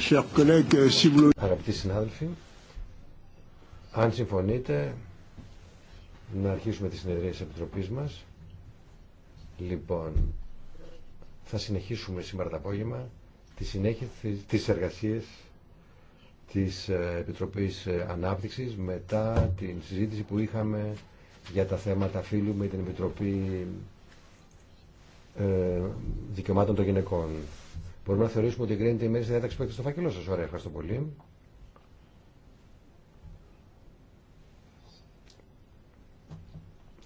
Euh, Αγαπητοί συνάδελφοι, αν συμφωνείτε να αρχίσουμε τη συνεδρία της Επιτροπής μας. Λοιπόν, θα συνεχίσουμε σήμερα το απόγευμα τη συνέχεια της εργασίας της ε, Επιτροπής ε, Ανάπτυξης μετά την συζήτηση που είχαμε για τα θέματα φίλου με την Επιτροπή ε, Δικαιωμάτων των Γυναικών. Μπορούμε να θεωρήσουμε ότι εγκρίνεται η μέρη στη διάταξη που έχετε στο φάκελό σα. Ωραία, ευχαριστώ πολύ.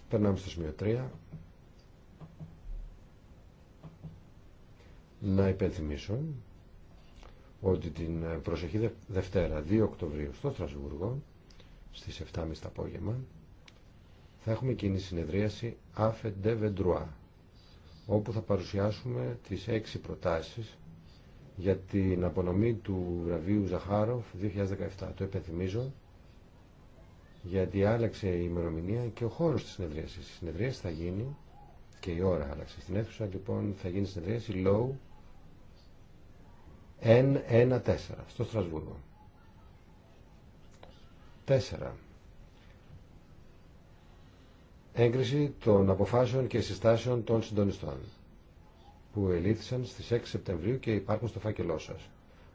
Περνάμε στο σημείο 3. Να υπενθυμίσω ότι την προσεχή Δευτέρα, 2 Οκτωβρίου, στο Στρασβούργο, στις 7.30 το απόγευμα, θα έχουμε κοινή συνεδρίαση AFEDE όπου θα παρουσιάσουμε τις έξι προτάσεις για την απονομή του βραβείου Ζαχάροφ 2017. Το επενθυμίζω γιατί άλλαξε η ημερομηνία και ο χώρος της συνεδρίασης. Η συνεδρίαση θα γίνει και η ώρα άλλαξε. Στην αίθουσα λοιπόν θα γίνει συνεδρίαση low N14 στο Στρασβούργο. 4. Έγκριση των αποφάσεων και συστάσεων των συντονιστών που ελήφθησαν στις 6 Σεπτεμβρίου και υπάρχουν στο φάκελό σας.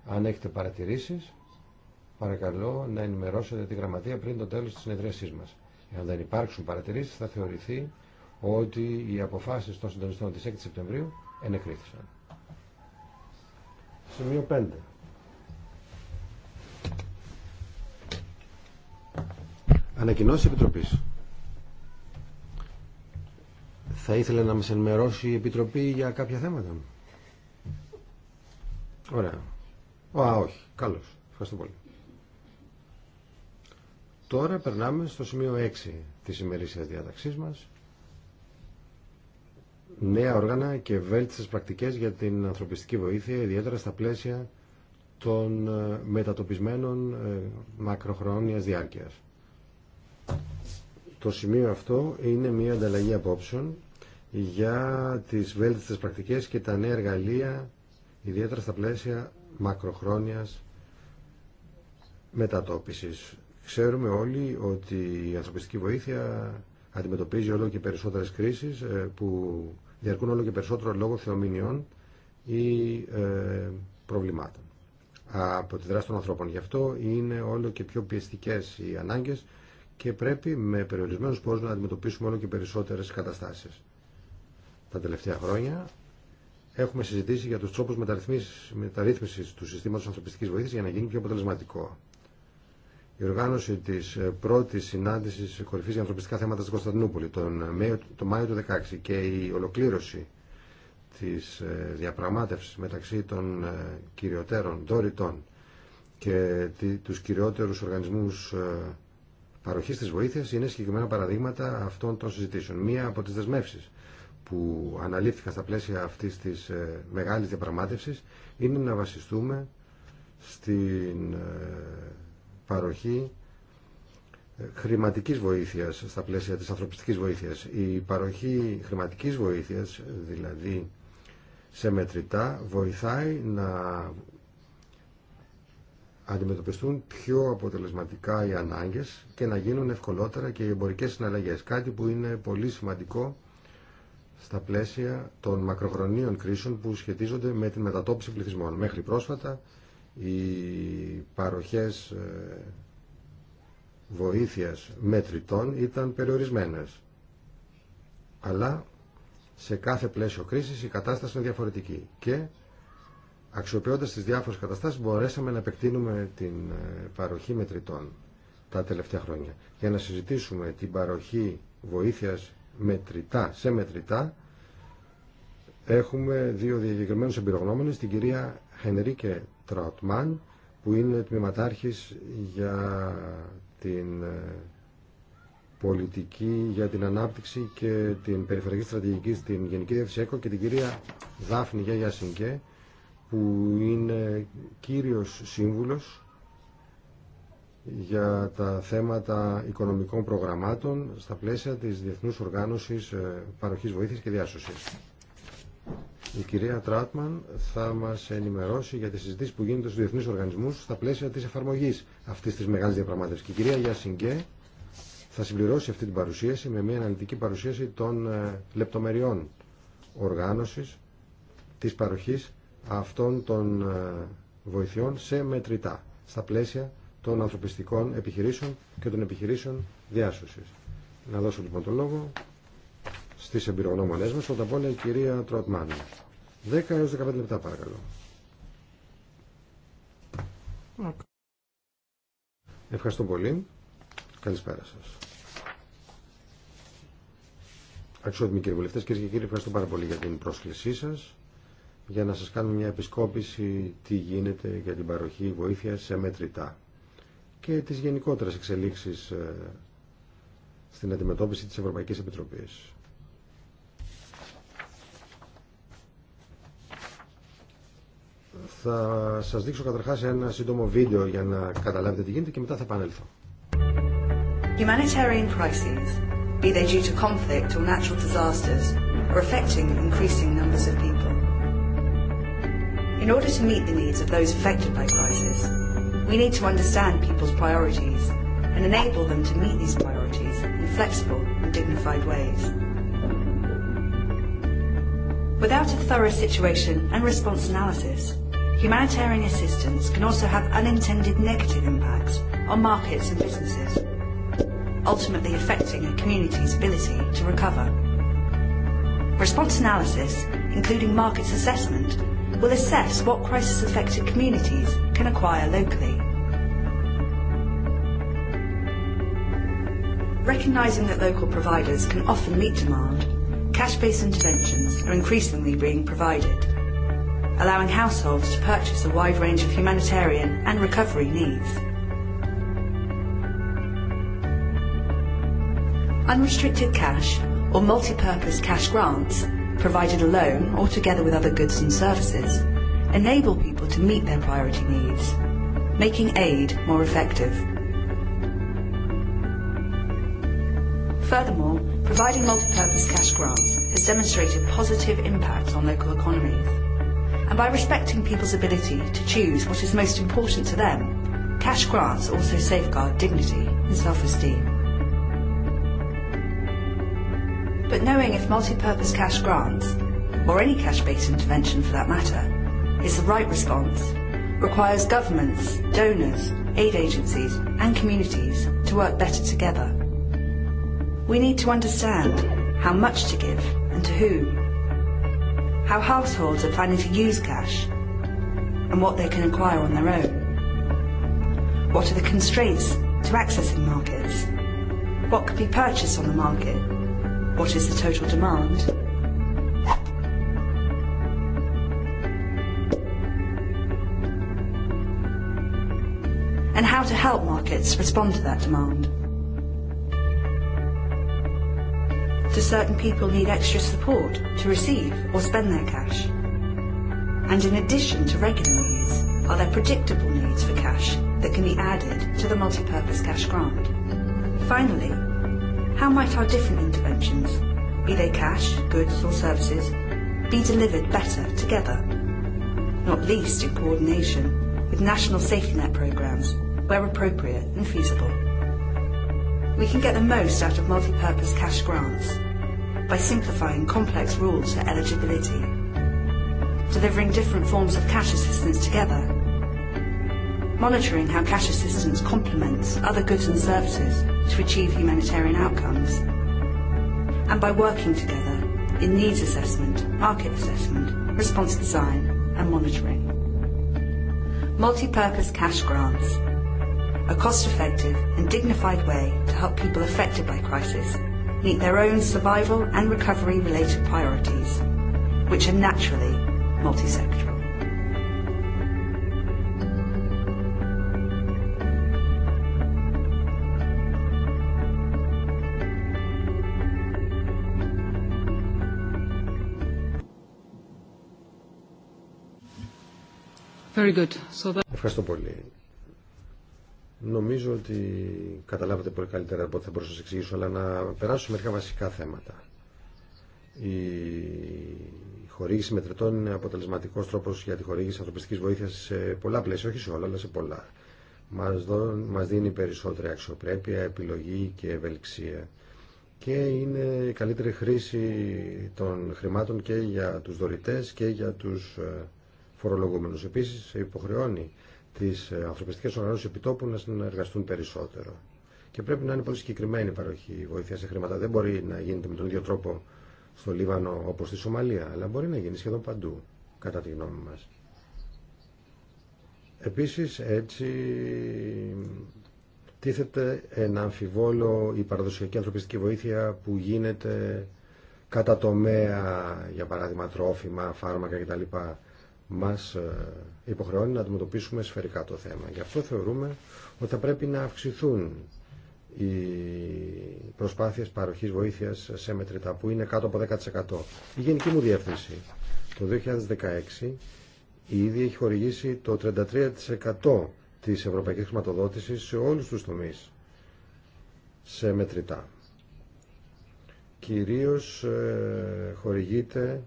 Αν έχετε παρατηρήσεις, παρακαλώ να ενημερώσετε τη γραμματεία πριν το τέλος της συνεδρίασής μας. Εάν δεν υπάρξουν παρατηρήσεις, θα θεωρηθεί ότι οι αποφάσεις των συντονιστών της 6 Σεπτεμβρίου ενεκρίθησαν. Σημείο 5. Ανακοινώσει Επιτροπής. Θα ήθελε να μας ενημερώσει η Επιτροπή για κάποια θέματα. Ωραία. Α, όχι. Καλώς. Ευχαριστώ πολύ. Τώρα περνάμε στο σημείο 6 της ημερήσιας διάταξής μας. Νέα όργανα και βέλτιστες πρακτικές για την ανθρωπιστική βοήθεια, ιδιαίτερα στα πλαίσια των ε, μετατοπισμένων ε, μακροχρόνιας διάρκειας. Το σημείο αυτό είναι μια ανταλλαγή απόψεων για τις βέλτιστες πρακτικές και τα νέα εργαλεία, ιδιαίτερα στα πλαίσια μακροχρόνιας μετατόπισης. Ξέρουμε όλοι ότι η ανθρωπιστική βοήθεια αντιμετωπίζει όλο και περισσότερες κρίσεις ε, που διαρκούν όλο και περισσότερο λόγω θεομηνιών ή ε, προβλημάτων από τη δράση των ανθρώπων. Γι' αυτό είναι όλο και πιο πιεστικές οι ανάγκες και πρέπει με περιορισμένους πόρους να αντιμετωπίσουμε όλο και περισσότερες καταστάσεις τα τελευταία χρόνια. Έχουμε συζητήσει για τους τρόπους μεταρρύθμισης του συστήματος ανθρωπιστικής βοήθειας για να γίνει πιο αποτελεσματικό. Η οργάνωση της ε, πρώτης συνάντησης κορυφής για ανθρωπιστικά θέματα στην Κωνσταντινούπολη τον Μάιο, Μάιο του 2016 και η ολοκλήρωση της ε, διαπραγμάτευσης μεταξύ των ε, κυριωτέρων δωρητών και τους κυριότερους οργανισμούς παροχής της βοήθειας είναι συγκεκριμένα παραδείγματα αυτών των συζητήσεων. Μία από τις δεσμεύσεις που αναλήφθηκαν στα πλαίσια αυτής της ε, μεγάλης διαπραγμάτευσης είναι να βασιστούμε στην ε, παροχή ε, χρηματικής βοήθειας στα πλαίσια της ανθρωπιστικής βοήθειας. Η παροχή χρηματικής βοήθειας, δηλαδή σε μετρητά, βοηθάει να αντιμετωπιστούν πιο αποτελεσματικά οι ανάγκες και να γίνουν ευκολότερα και οι εμπορικές συναλλαγές. Κάτι που είναι πολύ σημαντικό στα πλαίσια των μακροχρονίων κρίσεων που σχετίζονται με την μετατόπιση πληθυσμών. Μέχρι πρόσφατα οι παροχές ε, βοήθειας μετρητών ήταν περιορισμένες. Αλλά σε κάθε πλαίσιο κρίσης η κατάσταση είναι διαφορετική και αξιοποιώντας τις διάφορες καταστάσεις μπορέσαμε να επεκτείνουμε την ε, παροχή μετρητών τα τελευταία χρόνια. Για να συζητήσουμε την παροχή βοήθειας μετρητά, σε μετρητά έχουμε δύο διακεκριμένους εμπειρογνώμενες, την κυρία Χενρίκε Τραουτμάν που είναι τμήματάρχης για την ε, πολιτική για την ανάπτυξη και την περιφερειακή στρατηγική στην Γενική Διεύθυνση ΕΚΟ και την κυρία Δάφνη Γιαγιασίνκε που είναι κύριος σύμβουλος για τα θέματα οικονομικών προγραμμάτων στα πλαίσια της Διεθνούς Οργάνωσης ε, Παροχής Βοήθειας και Διάσωσης. Η κυρία Τράτμαν θα μας ενημερώσει για τις συζητήσεις που γίνονται στους διεθνείς οργανισμούς στα πλαίσια της εφαρμογής αυτής της μεγάλης διαπραγμάτευσης. Και η κυρία Γιασιγκέ θα συμπληρώσει αυτή την παρουσίαση με μια αναλυτική παρουσίαση των ε, λεπτομεριών οργάνωσης της παροχής αυτών των ε, βοηθειών σε μετρητά στα πλαίσια των ανθρωπιστικών επιχειρήσεων και των επιχειρήσεων διάσωση. Να δώσω λοιπόν το λόγο στις εμπειρογνώμονές μας, όταν πόνε η κυρία Τροτμάν. 10 έως 15 λεπτά παρακαλώ. Ευχαριστώ πολύ. Καλησπέρα σας. Αξιότιμοι κύριοι βουλευτές, κύριε και κύριοι, ευχαριστώ πάρα πολύ για την πρόσκλησή σας για να σας κάνουμε μια επισκόπηση τι γίνεται για την παροχή βοήθειας σε μετρητά και τις γενικότερες εξελίξεις ε, στην αντιμετώπιση της Ευρωπαϊκής Επιτροπής. Θα σας δείξω καταρχάς ένα σύντομο βίντεο για να καταλάβετε τι γίνεται και μετά θα επανέλθω. Humanitarian crises, be they due to conflict or natural disasters, are affecting increasing numbers of people. In order to meet the needs of those affected by crisis, We need to understand people's priorities and enable them to meet these priorities in flexible and dignified ways. Without a thorough situation and response analysis, humanitarian assistance can also have unintended negative impacts on markets and businesses, ultimately affecting a community's ability to recover. Response analysis, including markets assessment, will assess what crisis-affected communities can acquire locally. Recognizing that local providers can often meet demand, cash-based interventions are increasingly being provided, allowing households to purchase a wide range of humanitarian and recovery needs. Unrestricted cash or multi-purpose cash grants, provided alone or together with other goods and services, enable people to meet their priority needs, making aid more effective. Furthermore, providing multipurpose cash grants has demonstrated positive impacts on local economies. And by respecting people's ability to choose what is most important to them, cash grants also safeguard dignity and self-esteem. But knowing if multi-purpose cash grants, or any cash-based intervention for that matter, is the right response requires governments, donors, aid agencies and communities to work better together. We need to understand how much to give and to whom, how households are planning to use cash and what they can acquire on their own. What are the constraints to accessing markets? What could be purchased on the market? What is the total demand? help markets respond to that demand. Do certain people need extra support to receive or spend their cash? And in addition to regular needs, are there predictable needs for cash that can be added to the multi-purpose cash grant? Finally, how might our different interventions, be they cash, goods or services, be delivered better together, not least in coordination with national safety net programmes where appropriate and feasible. We can get the most out of multi-purpose cash grants by simplifying complex rules for eligibility, delivering different forms of cash assistance together, monitoring how cash assistance complements other goods and services to achieve humanitarian outcomes, and by working together in needs assessment, market assessment, response design and monitoring. Multi-purpose cash grants a cost-effective and dignified way to help people affected by crisis meet their own survival and recovery-related priorities, which are naturally multi-sectoral. Very good. So that... Ευχαριστώ πολύ. Νομίζω ότι καταλάβατε πολύ καλύτερα από ό,τι θα μπορούσα να σα εξηγήσω, αλλά να περάσω μερικά βασικά θέματα. Η χορήγηση μετρητών είναι αποτελεσματικό τρόπο για τη χορήγηση ανθρωπιστική βοήθεια σε πολλά πλαίσια, όχι σε όλα, αλλά σε πολλά. Μα δίνει περισσότερη αξιοπρέπεια, επιλογή και ευελιξία. Και είναι η καλύτερη χρήση των χρημάτων και για του δωρητέ και για του ε, φορολογούμενου. Επίση υποχρεώνει τις ε, ανθρωπιστικές οργανώσεις επιτόπου να συνεργαστούν περισσότερο. Και πρέπει να είναι πολύ συγκεκριμένη η παροχή βοήθεια σε χρήματα. Δεν μπορεί να γίνεται με τον ίδιο τρόπο στο Λίβανο όπω στη Σομαλία, αλλά μπορεί να γίνει σχεδόν παντού, κατά τη γνώμη μα. Επίση, έτσι τίθεται ένα αμφιβόλο η παραδοσιακή ανθρωπιστική βοήθεια που γίνεται κατά τομέα, για παράδειγμα τρόφιμα, φάρμακα κτλ μας ε, υποχρεώνει να αντιμετωπίσουμε σφαιρικά το θέμα. Γι' αυτό θεωρούμε ότι θα πρέπει να αυξηθούν οι προσπάθειες παροχής βοήθειας σε μετρητά που είναι κάτω από 10%. Η γενική μου διεύθυνση το 2016 ήδη έχει χορηγήσει το 33% της ευρωπαϊκής χρηματοδότησης σε όλους τους τομείς σε μετρητά. Κυρίως ε, χορηγείται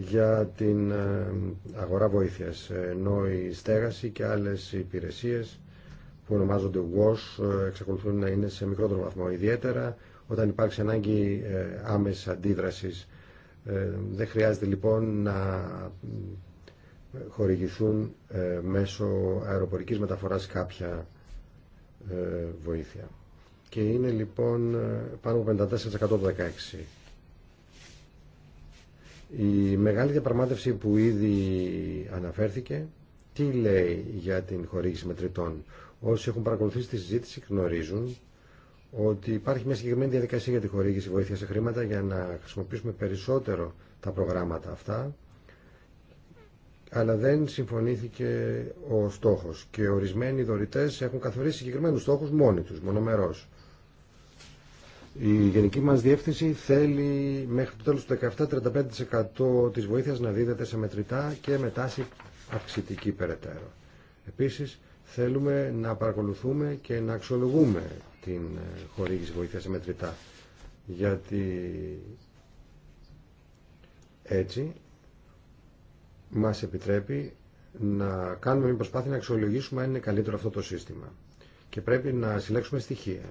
για την ε, αγορά βοήθειας, ε, ενώ η στέγαση και άλλες υπηρεσίες που ονομάζονται WASH ε, εξακολουθούν να είναι σε μικρότερο βαθμό. Ιδιαίτερα όταν υπάρξει ανάγκη άμεσης αντίδρασης. Δεν χρειάζεται λοιπόν να χορηγηθούν μέσω αεροπορικής μεταφοράς κάποια βοήθεια. Και είναι λοιπόν πάνω από 54% 16%. Η μεγάλη διαπραγμάτευση που ήδη αναφέρθηκε, τι λέει για την χορήγηση μετρητών. Όσοι έχουν παρακολουθήσει τη συζήτηση γνωρίζουν ότι υπάρχει μια συγκεκριμένη διαδικασία για τη χορήγηση βοήθεια σε χρήματα για να χρησιμοποιήσουμε περισσότερο τα προγράμματα αυτά αλλά δεν συμφωνήθηκε ο στόχος και ορισμένοι δωρητές έχουν καθορίσει συγκεκριμένους στόχους μόνοι τους, μονομερός. Η γενική μας διεύθυνση θέλει μέχρι το τέλος του 17-35% της βοήθειας να δίδεται σε μετρητά και με τάση αυξητική περαιτέρω. Επίσης θέλουμε να παρακολουθούμε και να αξιολογούμε την ε, χορήγηση βοήθειας σε μετρητά. Γιατί έτσι μας επιτρέπει να κάνουμε μια προσπάθεια να αξιολογήσουμε αν είναι καλύτερο αυτό το σύστημα. Και πρέπει να συλλέξουμε στοιχεία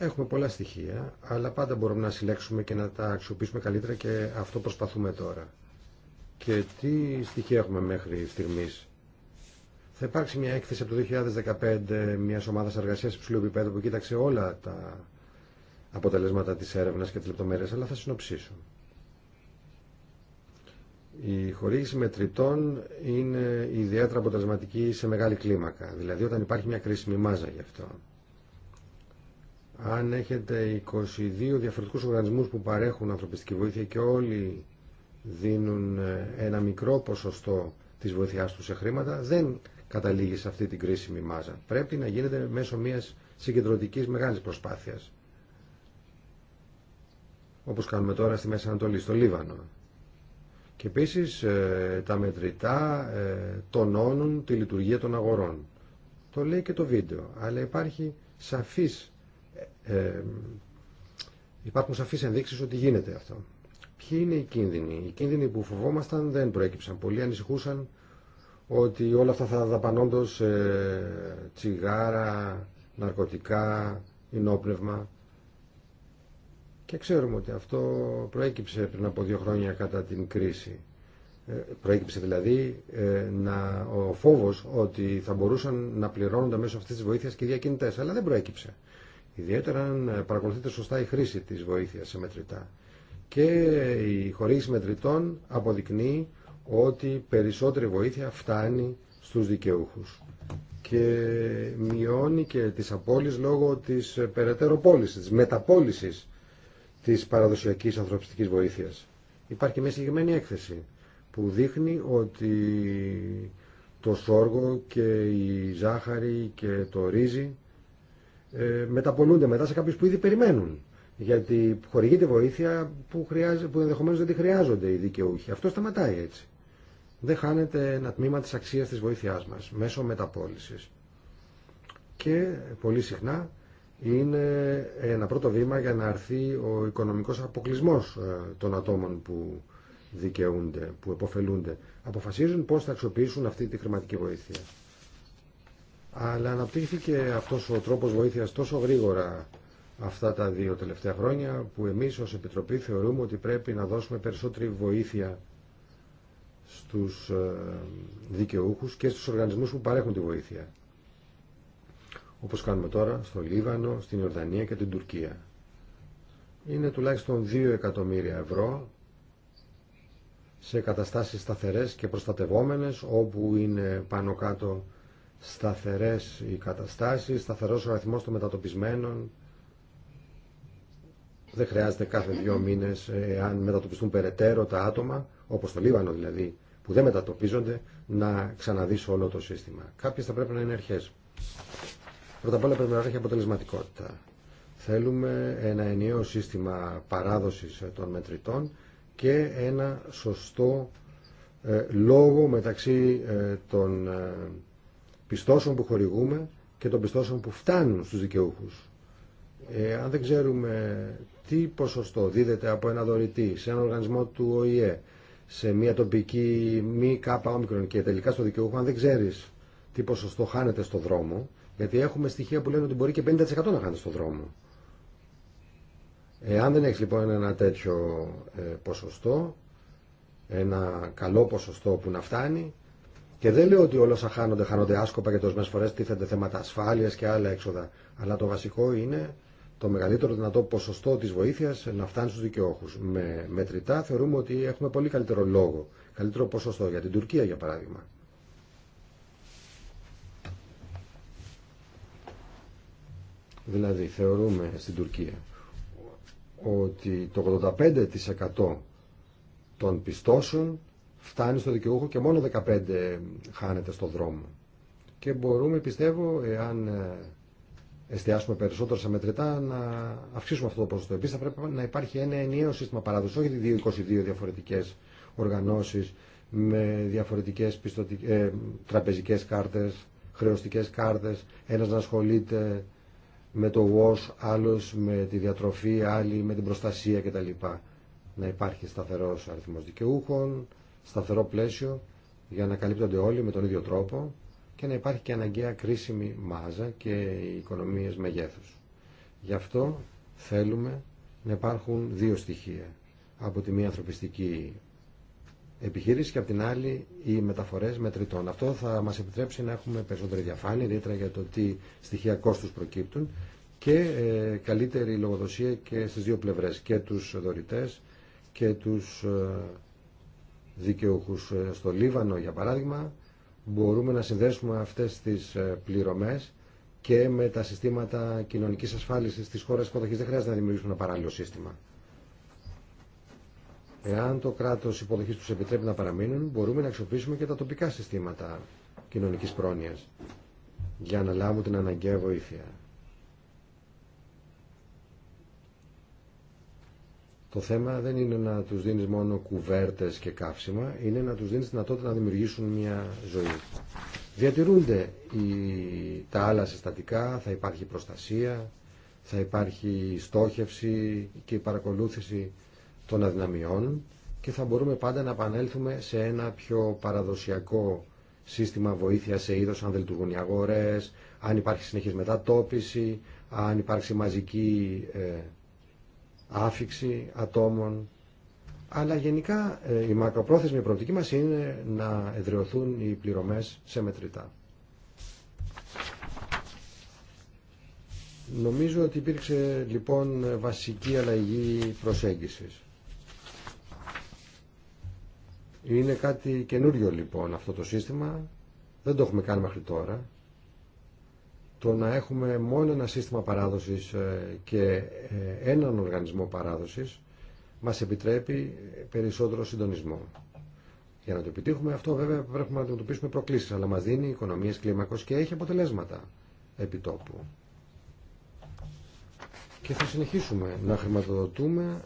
Έχουμε πολλά στοιχεία, αλλά πάντα μπορούμε να συλλέξουμε και να τα αξιοποιήσουμε καλύτερα και αυτό προσπαθούμε τώρα. Και τι στοιχεία έχουμε μέχρι στιγμής. Θα υπάρξει μια έκθεση από το 2015 μια ομάδα εργασία υψηλού επίπεδου που κοίταξε όλα τα αποτελέσματα τη έρευνα και τις λεπτομέρειες, αλλά θα συνοψίσω. Η χορήγηση μετρητών είναι ιδιαίτερα αποτελεσματική σε μεγάλη κλίμακα, δηλαδή όταν υπάρχει μια κρίσιμη μάζα γι' αυτό αν έχετε 22 διαφορετικούς οργανισμούς που παρέχουν ανθρωπιστική βοήθεια και όλοι δίνουν ε, ένα μικρό ποσοστό της βοήθειάς τους σε χρήματα, δεν καταλήγει σε αυτή την κρίσιμη μάζα. Πρέπει να γίνεται μέσω μιας συγκεντρωτικής μεγάλης προσπάθειας. Όπως κάνουμε τώρα στη Μέση Ανατολή, στο Λίβανο. Και επίσης ε, τα μετρητά ε, τονώνουν τη λειτουργία των αγορών. Το λέει και το βίντεο, αλλά υπάρχει σαφής ε, υπάρχουν σαφείς ενδείξεις ότι γίνεται αυτό. Ποιοι είναι οι κίνδυνοι. Οι κίνδυνοι που φοβόμασταν δεν προέκυψαν. Πολλοί ανησυχούσαν ότι όλα αυτά θα δαπανώνται σε τσιγάρα, ναρκωτικά, ενόπνευμα. Και ξέρουμε ότι αυτό προέκυψε πριν από δύο χρόνια κατά την κρίση. Ε, προέκυψε δηλαδή ε, να, ο φόβος ότι θα μπορούσαν να πληρώνονται μέσω αυτής της βοήθειας και οι διακινητές, αλλά δεν προέκυψε. Ιδιαίτερα αν παρακολουθείτε σωστά η χρήση της βοήθειας σε μετρητά. Και η χορήγηση μετρητών αποδεικνύει ότι περισσότερη βοήθεια φτάνει στους δικαιούχους και μειώνει και τις απώλειες λόγω της περαιτέρω πώληση, της μεταπώλησης της παραδοσιακής ανθρωπιστικής βοήθειας. Υπάρχει μια συγκεκριμένη έκθεση που δείχνει ότι το σόργο και η ζάχαρη και το ρύζι ε, μεταπολούνται μετά σε κάποιους που ήδη περιμένουν. Γιατί χορηγείται βοήθεια που, που ενδεχομένως δεν τη χρειάζονται οι δικαιούχοι. Αυτό σταματάει έτσι. Δεν χάνεται ένα τμήμα της αξίας της βοήθειάς μας μέσω μεταπόληση. Και πολύ συχνά είναι ένα πρώτο βήμα για να αρθεί ο οικονομικός αποκλεισμός ε, των ατόμων που δικαιούνται, που επωφελούνται. Αποφασίζουν πώς θα αξιοποιήσουν αυτή τη χρηματική βοήθεια αλλά αναπτύχθηκε αυτός ο τρόπος βοήθειας τόσο γρήγορα αυτά τα δύο τελευταία χρόνια που εμείς ως Επιτροπή θεωρούμε ότι πρέπει να δώσουμε περισσότερη βοήθεια στους ε, δικαιούχους και στους οργανισμούς που παρέχουν τη βοήθεια. Όπως κάνουμε τώρα στο Λίβανο, στην Ιορδανία και την Τουρκία. Είναι τουλάχιστον 2 εκατομμύρια ευρώ σε καταστάσεις σταθερές και προστατευόμενες όπου είναι πάνω κάτω σταθερές οι καταστάσεις, σταθερός ο αριθμός των μετατοπισμένων. Δεν χρειάζεται κάθε δύο μήνες, αν ε, μετατοπιστούν περαιτέρω τα άτομα, όπως το Λίβανο δηλαδή, που δεν μετατοπίζονται, να ξαναδείς όλο το σύστημα. Κάποιες θα πρέπει να είναι αρχές. Πρώτα απ' όλα πρέπει να έχει αποτελεσματικότητα. Θέλουμε ένα ενιαίο σύστημα παράδοσης ε, των μετρητών και ένα σωστό ε, λόγο μεταξύ των πιστώσεων που χορηγούμε και των πιστώσεων που φτάνουν στους δικαιούχους. Ε, αν δεν ξέρουμε τι ποσοστό δίδεται από ένα δωρητή σε έναν οργανισμό του ΟΗΕ, σε μια τοπική μη κάπα όμικρον και τελικά στο δικαιούχο, αν δεν ξέρεις τι ποσοστό χάνεται στο δρόμο, γιατί έχουμε στοιχεία που λένε ότι μπορεί και 50% να χάνεται στο δρόμο. Ε, αν δεν έχει λοιπόν ένα τέτοιο ε, ποσοστό, ένα καλό ποσοστό που να φτάνει, και δεν λέω ότι όλα όσα χάνονται, χάνονται άσκοπα και τόσε φορές τίθενται θέματα ασφάλειας και άλλα έξοδα. Αλλά το βασικό είναι το μεγαλύτερο δυνατό ποσοστό της βοήθειας να φτάνει στους δικαιώχους. Με μετρητά θεωρούμε ότι έχουμε πολύ καλύτερο λόγο, καλύτερο ποσοστό για την Τουρκία για παράδειγμα. Δηλαδή θεωρούμε στην Τουρκία ότι το 85% των πιστώσεων φτάνει στο δικαιούχο και μόνο 15 χάνεται στο δρόμο. Και μπορούμε, πιστεύω, εάν ε, εστιάσουμε περισσότερο σε μετρητά, να αυξήσουμε αυτό το ποσοστό. Επίση, θα πρέπει να υπάρχει ένα ενιαίο σύστημα παράδοση, όχι 22 διαφορετικέ οργανώσει με διαφορετικέ ε, τραπεζικέ κάρτε, χρεωστικέ κάρτε, ένα να ασχολείται με το WOS, άλλο με τη διατροφή, άλλοι με την προστασία κτλ. Να υπάρχει σταθερό αριθμό δικαιούχων, σταθερό πλαίσιο για να καλύπτονται όλοι με τον ίδιο τρόπο και να υπάρχει και αναγκαία κρίσιμη μάζα και οικονομίες μεγέθους. Γι' αυτό θέλουμε να υπάρχουν δύο στοιχεία. Από τη μία ανθρωπιστική επιχείρηση και από την άλλη οι μεταφορές μετρητών. Αυτό θα μας επιτρέψει να έχουμε περισσότερη διαφάνεια, ιδιαίτερα για το τι στοιχεία κόστους προκύπτουν και ε, καλύτερη λογοδοσία και στις δύο πλευρές, και τους δωρητές και τους ε, δικαιούχους ε, στο Λίβανο για παράδειγμα μπορούμε να συνδέσουμε αυτές τις ε, πληρωμές και με τα συστήματα κοινωνικής ασφάλισης της χώρας υποδοχής δεν χρειάζεται να δημιουργήσουμε ένα παράλληλο σύστημα. Εάν το κράτος υποδοχής τους επιτρέπει να παραμείνουν μπορούμε να αξιοποιήσουμε και τα τοπικά συστήματα κοινωνικής πρόνοιας για να λάβουν την αναγκαία βοήθεια. Το θέμα δεν είναι να τους δίνεις μόνο κουβέρτες και καύσιμα, είναι να τους δίνεις δυνατότητα να δημιουργήσουν μια ζωή. Διατηρούνται οι, τα άλλα συστατικά, θα υπάρχει προστασία, θα υπάρχει στόχευση και παρακολούθηση των αδυναμιών και θα μπορούμε πάντα να επανέλθουμε σε ένα πιο παραδοσιακό σύστημα βοήθεια σε είδο, αν δεν λειτουργούν οι αγορέ, αν υπάρχει συνεχής μετατόπιση, αν υπάρξει μαζική ε, άφηξη ατόμων. Αλλά γενικά ε, η μακροπρόθεσμη προοπτική μας είναι να εδραιωθούν οι πληρωμές σε μετρητά. Νομίζω ότι υπήρξε λοιπόν βασική αλλαγή προσέγγισης. Είναι κάτι καινούριο λοιπόν αυτό το σύστημα. Δεν το έχουμε κάνει μέχρι τώρα το να έχουμε μόνο ένα σύστημα παράδοσης ε, και ε, έναν οργανισμό παράδοσης μας επιτρέπει περισσότερο συντονισμό. Για να το επιτύχουμε αυτό βέβαια πρέπει να αντιμετωπίσουμε προκλήσεις, αλλά μας δίνει οικονομίες κλίμακος και έχει αποτελέσματα επιτόπου. Και θα συνεχίσουμε να χρηματοδοτούμε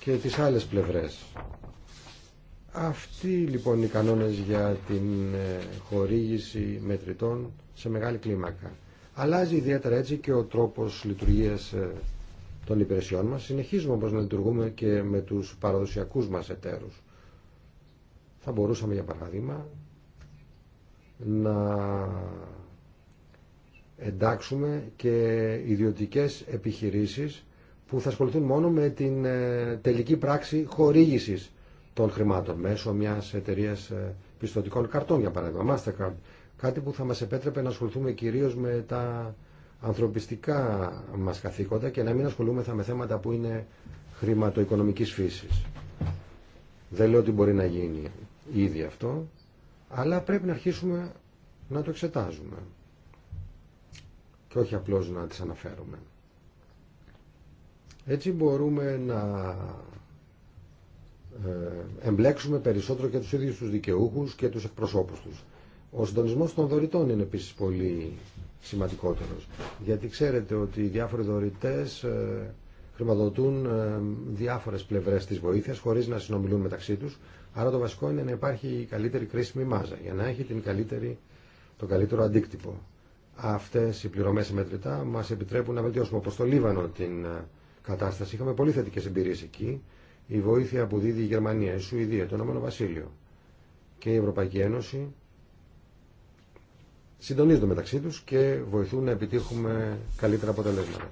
και τις άλλες πλευρές αυτοί λοιπόν οι κανόνες για την ε, χορήγηση μετρητών σε μεγάλη κλίμακα. Αλλάζει ιδιαίτερα έτσι και ο τρόπος λειτουργίας ε, των υπηρεσιών μας. Συνεχίζουμε όπως να λειτουργούμε και με τους παραδοσιακούς μας εταίρους. Θα μπορούσαμε για παράδειγμα να εντάξουμε και ιδιωτικές επιχειρήσεις που θα ασχοληθούν μόνο με την ε, τελική πράξη χορήγησης των χρημάτων μέσω μιας εταιρεία ε, πιστοτικών καρτών, για παράδειγμα, Mastercard. Κάτι που θα μας επέτρεπε να ασχοληθούμε κυρίως με τα ανθρωπιστικά μα καθήκοντα και να μην ασχολούμεθα με θέματα που είναι χρηματοοικονομικής φύσης. Δεν λέω ότι μπορεί να γίνει ήδη αυτό, αλλά πρέπει να αρχίσουμε να το εξετάζουμε και όχι απλώς να τις αναφέρουμε. Έτσι μπορούμε να ε, εμπλέξουμε περισσότερο και τους ίδιους τους δικαιούχους και τους εκπροσώπους τους. Ο συντονισμός των δωρητών είναι επίσης πολύ σημαντικότερος, γιατί ξέρετε ότι οι διάφοροι δωρητές ε, χρηματοδοτούν ε, διάφορες πλευρές της βοήθειας χωρίς να συνομιλούν μεταξύ τους, άρα το βασικό είναι να υπάρχει η καλύτερη κρίσιμη μάζα, για να έχει την καλύτερη, το καλύτερο αντίκτυπο. Αυτές οι πληρωμές μετρητά μας επιτρέπουν να βελτιώσουμε όπω το Λίβανο την κατάσταση. Είχαμε πολύ θετικέ εμπειρίες εκεί η βοήθεια που δίδει η Γερμανία, η Σουηδία, το Ηνωμένο Βασίλειο και η Ευρωπαϊκή Ένωση συντονίζονται μεταξύ τους και βοηθούν να επιτύχουμε καλύτερα αποτελέσματα.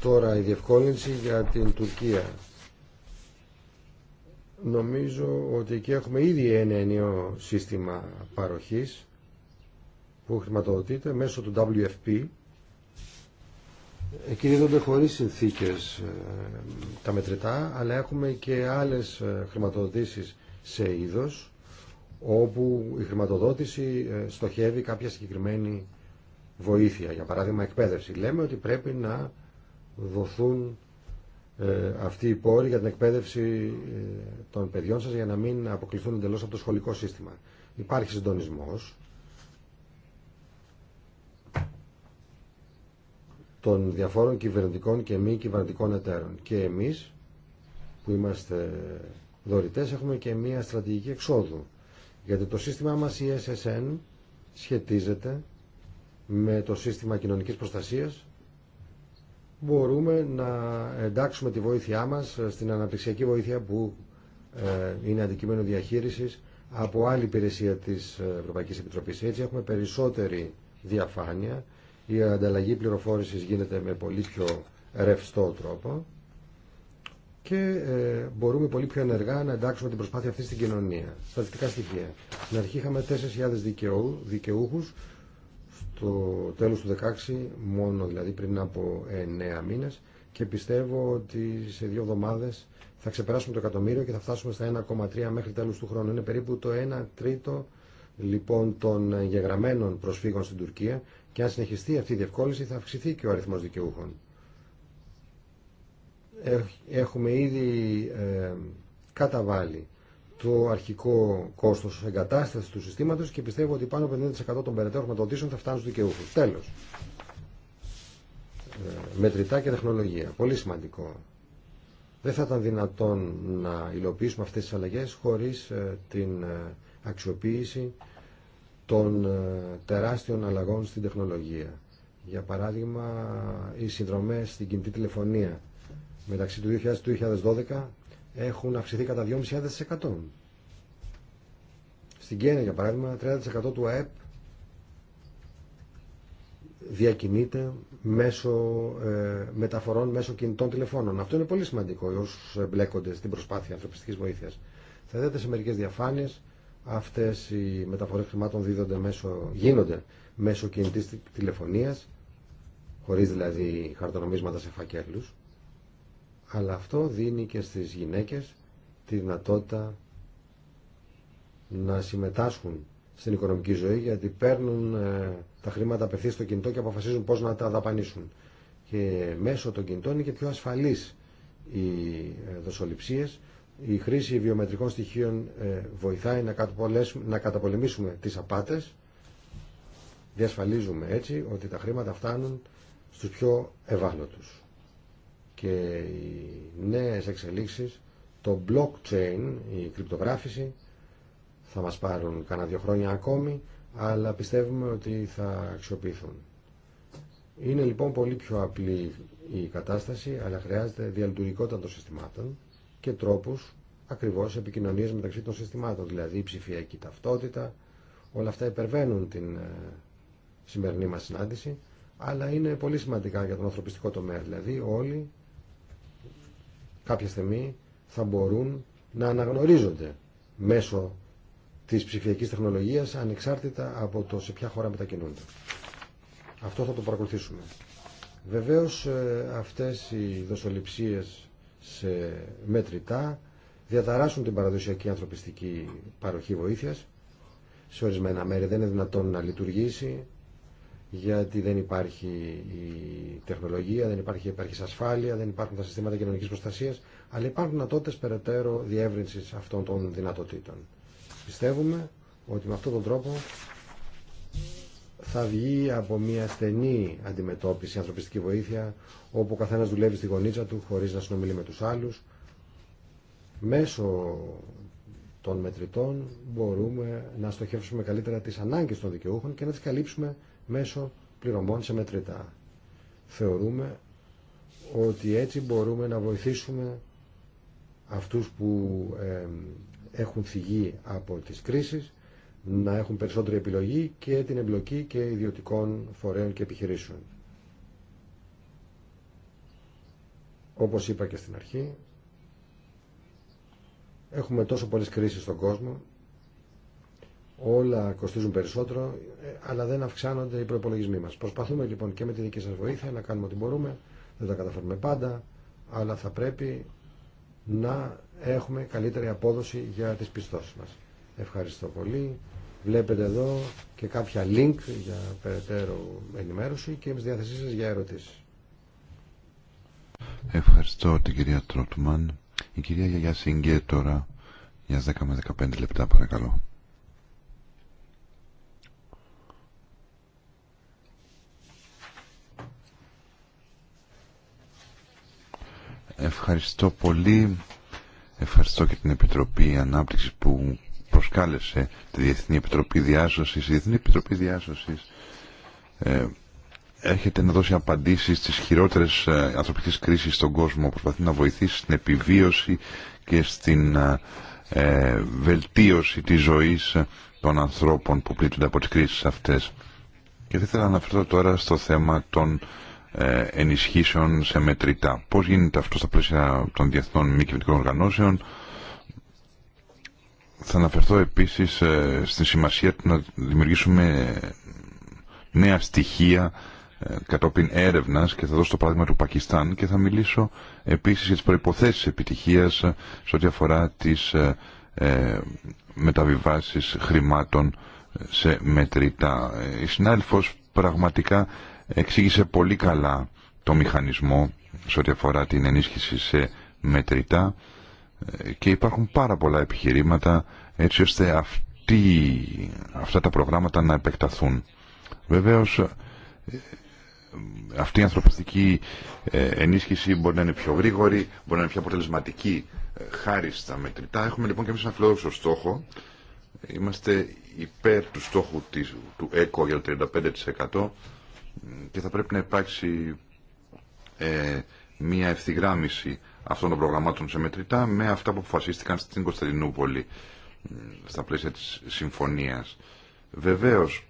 Τώρα η διευκόλυνση για την Τουρκία. Νομίζω ότι εκεί έχουμε ήδη ένα ενίο σύστημα παροχής που χρηματοδοτείται μέσω του WFP δεν χωρίς συνθήκες ε, τα μετρητά, αλλά έχουμε και άλλες ε, χρηματοδοτήσεις σε είδος, όπου η χρηματοδότηση ε, στοχεύει κάποια συγκεκριμένη βοήθεια, για παράδειγμα εκπαίδευση. Λέμε ότι πρέπει να δοθούν αυτοί οι πόροι για την εκπαίδευση των παιδιών σας για να μην αποκλειθούν εντελώς από το σχολικό σύστημα. Υπάρχει συντονισμός των διαφόρων κυβερνητικών και μη κυβερνητικών εταίρων. Και εμείς που είμαστε δωρητές έχουμε και μία στρατηγική εξόδου. Γιατί το σύστημά μας η SSN σχετίζεται με το σύστημα κοινωνικής προστασίας μπορούμε να εντάξουμε τη βοήθειά μας στην αναπτυξιακή βοήθεια που ε, είναι αντικείμενο διαχείρισης από άλλη υπηρεσία της Ευρωπαϊκής Επιτροπής. Έτσι έχουμε περισσότερη διαφάνεια η ανταλλαγή πληροφόρησης γίνεται με πολύ πιο ρευστό τρόπο και ε, μπορούμε πολύ πιο ενεργά να εντάξουμε την προσπάθεια αυτή στην κοινωνία. Στατιστικά στοιχεία. Στην αρχή είχαμε 4.000 δικαιού, δικαιούχους, στο τέλος του 2016, μόνο δηλαδή πριν από 9 μήνες και πιστεύω ότι σε δύο εβδομάδες θα ξεπεράσουμε το εκατομμύριο και θα φτάσουμε στα 1,3 μέχρι τέλος του χρόνου. Είναι περίπου το 1 τρίτο λοιπόν των εγγεγραμμένων προσφύγων στην Τουρκία και αν συνεχιστεί αυτή η διευκόλυνση θα αυξηθεί και ο αριθμός δικαιούχων. Έχουμε ήδη ε, καταβάλει το αρχικό κόστος εγκατάστασης του συστήματος και πιστεύω ότι πάνω από 50% των περαιτέρω χρηματοδοτήσεων θα φτάνουν στους δικαιούχους. Τέλος. Ε, μετρητά και τεχνολογία. Πολύ σημαντικό. Δεν θα ήταν δυνατόν να υλοποιήσουμε αυτές τις αλλαγές χωρίς ε, την αξιοποίηση των ε, τεράστιων αλλαγών στην τεχνολογία. Για παράδειγμα, οι συνδρομές στην κινητή τηλεφωνία μεταξύ του 2000 και του 2012 έχουν αυξηθεί κατά 2.500%. Στην Κένια, για παράδειγμα, 30% του ΑΕΠ διακινείται μέσω ε, μεταφορών μέσω κινητών τηλεφώνων. Αυτό είναι πολύ σημαντικό για όσου μπλέκονται στην προσπάθεια ανθρωπιστική βοήθεια. Θα δείτε σε μερικέ διαφάνειε Αυτές οι μεταφορές χρημάτων δίδονται μέσω, γίνονται μέσω κινητής τηλεφωνίας, χωρίς δηλαδή χαρτονομίσματα σε φακέλους, αλλά αυτό δίνει και στις γυναίκες τη δυνατότητα να συμμετάσχουν στην οικονομική ζωή γιατί παίρνουν ε, τα χρήματα απευθείας στο κινητό και αποφασίζουν πώς να τα δαπανίσουν. Και μέσω των κινητών είναι και πιο ασφαλείς οι ε, δοσοληψίες η χρήση βιομετρικών στοιχείων ε, βοηθάει να καταπολεμήσουμε τις απάτες. Διασφαλίζουμε έτσι ότι τα χρήματα φτάνουν στους πιο ευάλωτους. Και οι νέες εξελίξεις, το blockchain, η κρυπτογράφηση, θα μας πάρουν κανένα δύο χρόνια ακόμη, αλλά πιστεύουμε ότι θα αξιοποιηθούν. Είναι λοιπόν πολύ πιο απλή η κατάσταση, αλλά χρειάζεται διαλειτουργικότητα των συστημάτων και τρόπους ακριβώς επικοινωνίας μεταξύ των συστημάτων, δηλαδή η ψηφιακή ταυτότητα, όλα αυτά υπερβαίνουν την ε, σημερινή μας συνάντηση, αλλά είναι πολύ σημαντικά για τον ανθρωπιστικό τομέα, δηλαδή όλοι κάποια στιγμή θα μπορούν να αναγνωρίζονται μέσω της ψηφιακής τεχνολογίας ανεξάρτητα από το σε ποια χώρα μετακινούνται. Αυτό θα το παρακολουθήσουμε. Βεβαίως ε, αυτές οι δοσοληψίες σε μετρητά, διαταράσσουν την παραδοσιακή ανθρωπιστική παροχή βοήθειας. Σε ορισμένα μέρη δεν είναι δυνατόν να λειτουργήσει γιατί δεν υπάρχει η τεχνολογία, δεν υπάρχει η ασφάλεια, δεν υπάρχουν τα συστήματα κοινωνικής προστασίας, αλλά υπάρχουν δυνατότητε περαιτέρω διεύρυνσης αυτών των δυνατοτήτων. Πιστεύουμε ότι με αυτόν τον τρόπο θα βγει από μια στενή αντιμετώπιση, ανθρωπιστική βοήθεια, όπου ο καθένα δουλεύει στη γωνίτσα του χωρίς να συνομιλεί με τους άλλους. Μέσω των μετρητών μπορούμε να στοχεύσουμε καλύτερα τις ανάγκες των δικαιούχων και να τις καλύψουμε μέσω πληρωμών σε μετρητά. Θεωρούμε ότι έτσι μπορούμε να βοηθήσουμε αυτούς που έχουν θυγεί από τις κρίσεις να έχουν περισσότερη επιλογή και την εμπλοκή και ιδιωτικών φορέων και επιχειρήσεων. Όπως είπα και στην αρχή, έχουμε τόσο πολλές κρίσεις στον κόσμο, όλα κοστίζουν περισσότερο, αλλά δεν αυξάνονται οι προπολογισμοί μας. Προσπαθούμε λοιπόν και με τη δική σας βοήθεια να κάνουμε ό,τι μπορούμε, δεν τα καταφέρουμε πάντα, αλλά θα πρέπει να έχουμε καλύτερη απόδοση για τις πιστώσεις μας. Ευχαριστώ πολύ. Βλέπετε εδώ και κάποια link για περαιτέρω ενημέρωση και είμαι στη διάθεσή σας για ερωτήσεις. Ευχαριστώ την κυρία Τρότμαν. Η κυρία Γιαγιά Σίγκε τώρα για 10 με 15 λεπτά παρακαλώ. Ευχαριστώ πολύ. Ευχαριστώ και την Επιτροπή Ανάπτυξης που προσκάλεσε τη Διεθνή Επιτροπή Διάσωσης. Η Διεθνή Επιτροπή Διάσωσης ε, έρχεται να δώσει απαντήσεις στις χειρότερες ε, ανθρωπικές κρίσεις στον κόσμο. Προσπαθεί να βοηθήσει στην επιβίωση και στην ε, ε, βελτίωση της ζωής των ανθρώπων που πλήττονται από τις κρίσεις αυτές. Και θα ήθελα να αναφερθώ τώρα στο θέμα των ε, ενισχύσεων σε μετρητά. Πώς γίνεται αυτό στα πλαίσια των διεθνών μη οργανώσεων, θα αναφερθώ επίσης ε, στη σημασία του να δημιουργήσουμε νέα στοιχεία ε, κατόπιν έρευνας και θα δώσω το παράδειγμα του Πακιστάν και θα μιλήσω επίσης για τις προϋποθέσεις επιτυχίας ε, σε ό,τι αφορά τις μεταβιβάσεις χρημάτων σε μετρητά. Η συνάδελφος πραγματικά εξήγησε πολύ καλά το μηχανισμό σε ό,τι αφορά την ενίσχυση σε μετρητά ε, και υπάρχουν πάρα πολλά επιχειρήματα έτσι ώστε αυτοί, αυτά τα προγράμματα να επεκταθούν. Βεβαίως ε, αυτή η ανθρωπιστική ε, ενίσχυση μπορεί να είναι πιο γρήγορη, μπορεί να είναι πιο αποτελεσματική χάρη στα μετρητά. Έχουμε λοιπόν και εμείς ένα φιλόδοξο στόχο. Είμαστε υπέρ του στόχου του ΕΚΟ για το 35% και θα πρέπει να υπάρξει μία ευθυγράμμιση αυτών των προγραμμάτων σε μετρητά με αυτά που αποφασίστηκαν στην Κωνσταντινούπολη στα πλαίσια της συμφωνίας. Βεβαίως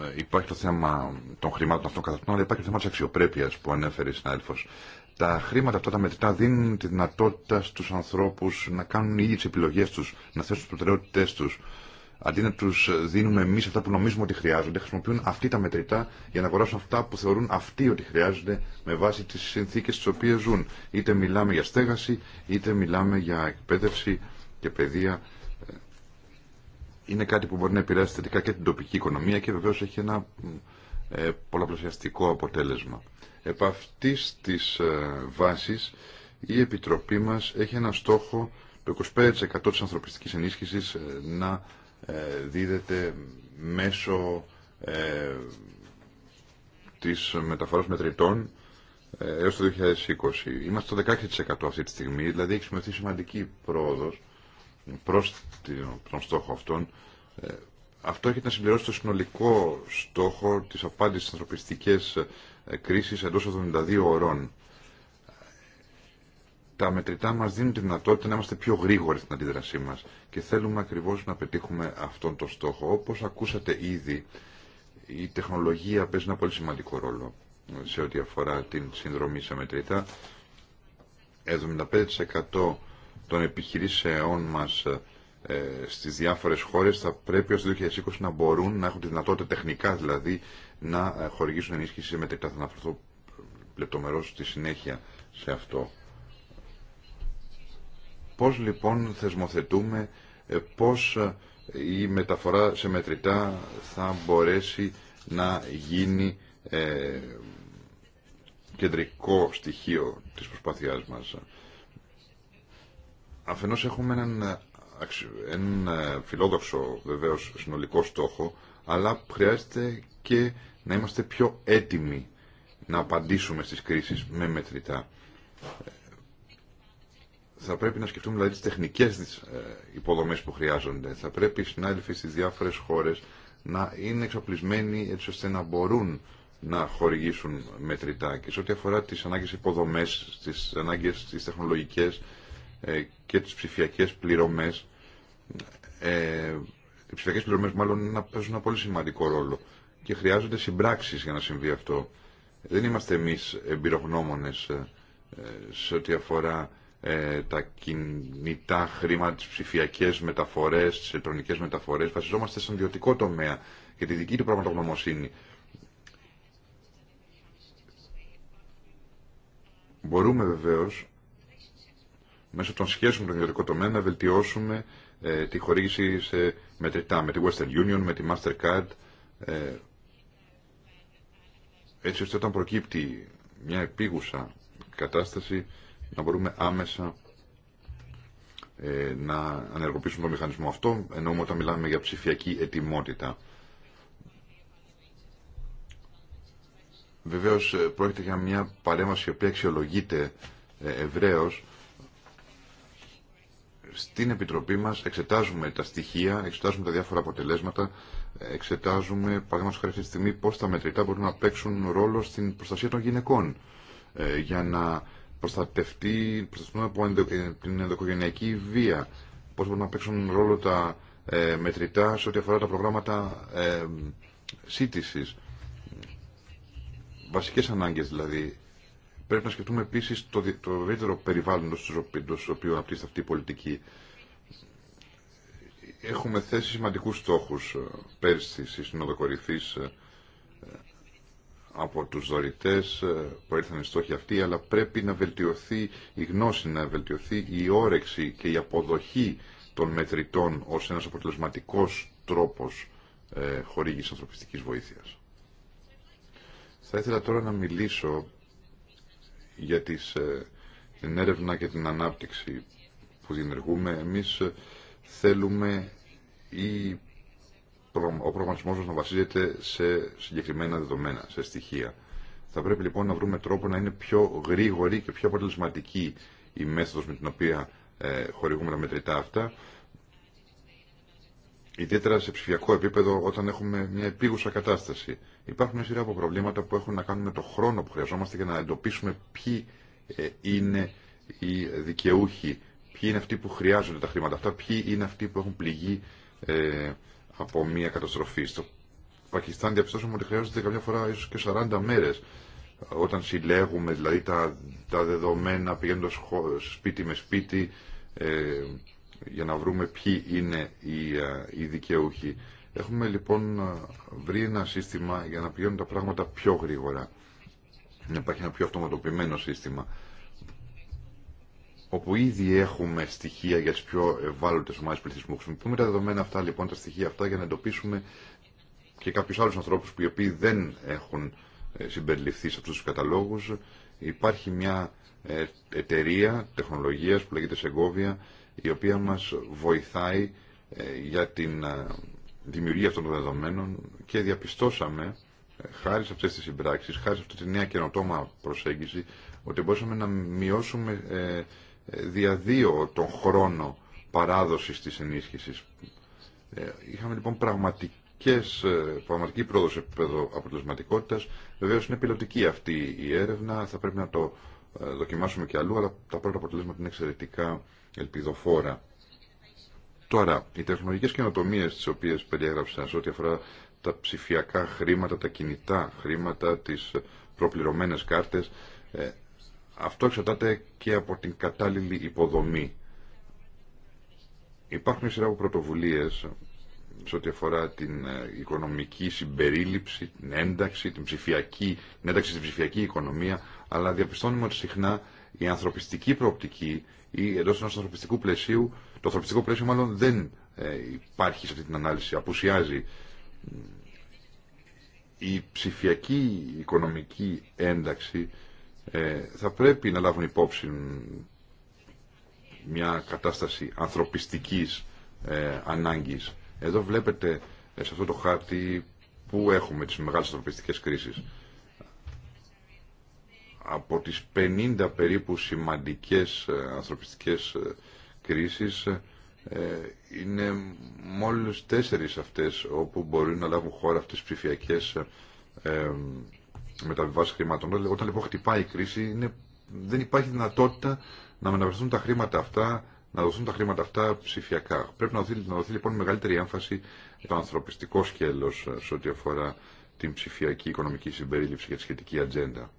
ε, υπάρχει το θέμα των χρημάτων αυτών καθ' αλλά υπάρχει το θέμα της αξιοπρέπειας που ανέφερε η συνάδελφος. Τα χρήματα αυτά τα μετρητά δίνουν τη δυνατότητα στους ανθρώπους να κάνουν οι ίδιες επιλογές τους, να θέσουν τις προτεραιότητές τους Αντί να του δίνουμε εμεί αυτά που νομίζουμε ότι χρειάζονται, χρησιμοποιούν αυτοί τα μετρητά για να αγοράσουν αυτά που θεωρούν αυτοί ότι χρειάζονται με βάση τι συνθήκε τι οποίε ζουν. Είτε μιλάμε για στέγαση, είτε μιλάμε για εκπαίδευση και παιδεία. Είναι κάτι που μπορεί να επηρεάσει θετικά και την τοπική οικονομία και βεβαίω έχει ένα ε, πολλαπλασιαστικό αποτέλεσμα. Επ' αυτή τη ε, βάση η Επιτροπή μα έχει ένα στόχο το 25% τη ανθρωπιστική ενίσχυση ε, να ε, δίδεται μέσω ε, της μεταφοράς μετρητών ε, έως το 2020. Είμαστε στο 16% αυτή τη στιγμή, δηλαδή έχει σημειωθεί σημαντική πρόοδος προς τον στόχο αυτόν. Ε, αυτό έχει να συμπληρώσει το συνολικό στόχο της απάντησης στις ανθρωπιστικές κρίσεις εντός 72 ωρών τα μετρητά μας δίνουν τη δυνατότητα να είμαστε πιο γρήγοροι στην αντίδρασή μας και θέλουμε ακριβώς να πετύχουμε αυτόν τον στόχο. Όπως ακούσατε ήδη, η τεχνολογία παίζει ένα πολύ σημαντικό ρόλο σε ό,τι αφορά την συνδρομή σε μετρητά. 75% των επιχειρήσεών μας ε, στις διάφορες χώρες θα πρέπει ως το 2020 να μπορούν να έχουν τη δυνατότητα τεχνικά δηλαδή να ε, χορηγήσουν ενίσχυση σε μετρητά. Θα αναφερθώ ε, λεπτομερώς στη συνέχεια σε αυτό. Πώς λοιπόν θεσμοθετούμε, ε, πώς ε, η μεταφορά σε μετρητά θα μπορέσει να γίνει ε, κεντρικό στοιχείο της προσπάθειάς μας. Αφενός έχουμε έναν, ε, έναν φιλόδοξο βεβαίως συνολικό στόχο, αλλά χρειάζεται και να είμαστε πιο έτοιμοι να απαντήσουμε στις κρίσεις με μετρητά θα πρέπει να σκεφτούμε δηλαδή τις τεχνικές τις, ε, υποδομές που χρειάζονται. Θα πρέπει οι συνάδελφοι στι διάφορε χώρε να είναι εξοπλισμένοι έτσι ώστε να μπορούν να χορηγήσουν μετρητά. Και σε ό,τι αφορά τις ανάγκες υποδομές, τις ανάγκες τις τεχνολογικές ε, και τι ψηφιακέ πληρωμέ. ε, οι ψηφιακέ πληρωμές μάλλον παίζουν ένα πολύ σημαντικό ρόλο και χρειάζονται συμπράξει για να συμβεί αυτό. Δεν είμαστε εμείς εμπειρογνώμονε ε, σε ό,τι αφορά ε, τα κινητά χρήματα, τις ψηφιακές μεταφορές, τις ηλεκτρονικές μεταφορές. Βασιζόμαστε σε ιδιωτικό τομέα για τη δική του πραγματογνωμοσύνη. Μπορούμε βεβαίως μέσω των σχέσεων με τον ιδιωτικό τομέα να βελτιώσουμε ε, τη χορήγηση σε μετρητά, με τη Western Union, με τη Mastercard, ε, έτσι ώστε όταν προκύπτει μια επίγουσα κατάσταση να μπορούμε άμεσα ε, να ανεργοποιήσουμε τον μηχανισμό αυτό, ενώ όταν μιλάμε για ψηφιακή ετοιμότητα. Βεβαίως ε, πρόκειται για μια παρέμβαση η οποία αξιολογείται ε, ευρέω. Στην Επιτροπή μας εξετάζουμε τα στοιχεία, εξετάζουμε τα διάφορα αποτελέσματα, εξετάζουμε, παραδείγματος χάρη αυτή τη στιγμή, πώς τα μετρητά μπορούν να παίξουν ρόλο στην προστασία των γυναικών. Ε, για να προστατευτεί, προστατευτούν από ε, την ενδοκογενειακή βία, πώς μπορούν να παίξουν ρόλο τα ε, μετρητά σε ό,τι αφορά τα προγράμματα ε, σύντησης. Βασικές ανάγκες δηλαδή. Πρέπει να σκεφτούμε επίσης το, το ευρύτερο περιβάλλον στο οποίο αναπτύσσεται αυτή η πολιτική. Έχουμε θέσει σημαντικούς στόχους ε, πέρσι στη Συνόδο από τους δωρητές ε, που ήρθαν οι στόχοι αυτοί, αλλά πρέπει να βελτιωθεί η γνώση, να βελτιωθεί η όρεξη και η αποδοχή των μετρητών ως ένας αποτελεσματικός τρόπος ε, χορήγησης ανθρωπιστικής βοήθειας. Θα ήθελα τώρα να μιλήσω για τις, ε, την έρευνα και την ανάπτυξη που διενεργούμε. Εμείς ε, θέλουμε η ο προγραμματισμό μα να βασίζεται σε συγκεκριμένα δεδομένα, σε στοιχεία. Θα πρέπει λοιπόν να βρούμε τρόπο να είναι πιο γρήγορη και πιο αποτελεσματική η μέθοδο με την οποία ε, χορηγούμε τα μετρητά αυτά, ιδιαίτερα σε ψηφιακό επίπεδο όταν έχουμε μια επίγουσα κατάσταση. Υπάρχουν μια σειρά από προβλήματα που έχουν να κάνουν με το χρόνο που χρειαζόμαστε για να εντοπίσουμε ποιοι ε, είναι οι δικαιούχοι, ποιοι είναι αυτοί που χρειάζονται τα χρήματα αυτά, ποιοι είναι αυτοί που έχουν πληγεί ε, από μια καταστροφή. Στο Πακιστάν διαπιστώσαμε ότι χρειάζεται καμιά φορά ίσως και 40 μέρες όταν συλλέγουμε δηλαδή τα, τα δεδομένα πηγαίνοντας σπίτι με σπίτι ε, για να βρούμε ποιοι είναι οι, ε, οι δικαιούχοι. Έχουμε λοιπόν βρει ένα σύστημα για να πηγαίνουν τα πράγματα πιο γρήγορα. Να υπάρχει ένα πιο αυτοματοποιημένο σύστημα όπου ήδη έχουμε στοιχεία για τι πιο ευάλωτε ομάδε πληθυσμού. Χρησιμοποιούμε τα δεδομένα αυτά, λοιπόν, τα στοιχεία αυτά για να εντοπίσουμε και κάποιου άλλου ανθρώπου που οι οποίοι δεν έχουν ε, συμπεριληφθεί σε αυτού του καταλόγου. Υπάρχει μια ε, εταιρεία τεχνολογίας που λέγεται Σεγκόβια, η οποία μα βοηθάει ε, για την δημιουργία αυτών των δεδομένων και διαπιστώσαμε χάρη σε αυτές τις συμπράξεις, χάρη σε αυτή τη νέα καινοτόμα προσέγγιση, ότι μπορούσαμε να μειώσουμε διαδύο τον χρόνο παράδοσης της ενίσχυσης. Ε, είχαμε λοιπόν πραγματικές, ε, πραγματική πρόοδο αποτελεσματικότητα. Βεβαίω είναι πιλωτική αυτή η έρευνα, θα πρέπει να το ε, δοκιμάσουμε και αλλού, αλλά τα πρώτα αποτελέσματα είναι εξαιρετικά ελπιδοφόρα. Τώρα, οι τεχνολογικές καινοτομίες τις οποίες περιέγραψα σε ό,τι αφορά τα ψηφιακά χρήματα, τα κινητά χρήματα, τις προπληρωμένες κάρτες, αυτό εξαρτάται και από την κατάλληλη υποδομή. Υπάρχουν σειρά από πρωτοβουλίε σε ό,τι αφορά την ε, οικονομική συμπερίληψη, την ένταξη, την, ψηφιακή, ένταξη στην ψηφιακή οικονομία, αλλά διαπιστώνουμε ότι συχνά η ανθρωπιστική προοπτική ή εντό ενό ανθρωπιστικού πλαισίου, το ανθρωπιστικό πλαίσιο μάλλον δεν ε, υπάρχει σε αυτή την ανάλυση, απουσιάζει. Η ψηφιακή οικονομική ένταξη ε, θα πρέπει να λάβουν υπόψη μια κατάσταση ανθρωπιστικής ε, ανάγκης. Εδώ βλέπετε ε, σε αυτό το χάρτη που έχουμε τις μεγάλες ανθρωπιστικές κρίσεις. Από τις 50 περίπου σημαντικές ανθρωπιστικές κρίσεις είναι μόλις τέσσερις αυτές όπου μπορεί να λάβουν χώρα αυτές τις ψηφιακές μεταβιβάσει χρημάτων. Όταν λοιπόν χτυπάει η κρίση, είναι, δεν υπάρχει δυνατότητα να μεταβιβαστούν τα χρήματα αυτά, να δοθούν τα χρήματα αυτά ψηφιακά. Πρέπει να δοθεί, να δοθεί λοιπόν μεγαλύτερη έμφαση το ανθρωπιστικό σκέλο ε, σε ό,τι αφορά την ψηφιακή οικονομική συμπερίληψη και τη σχετική ατζέντα.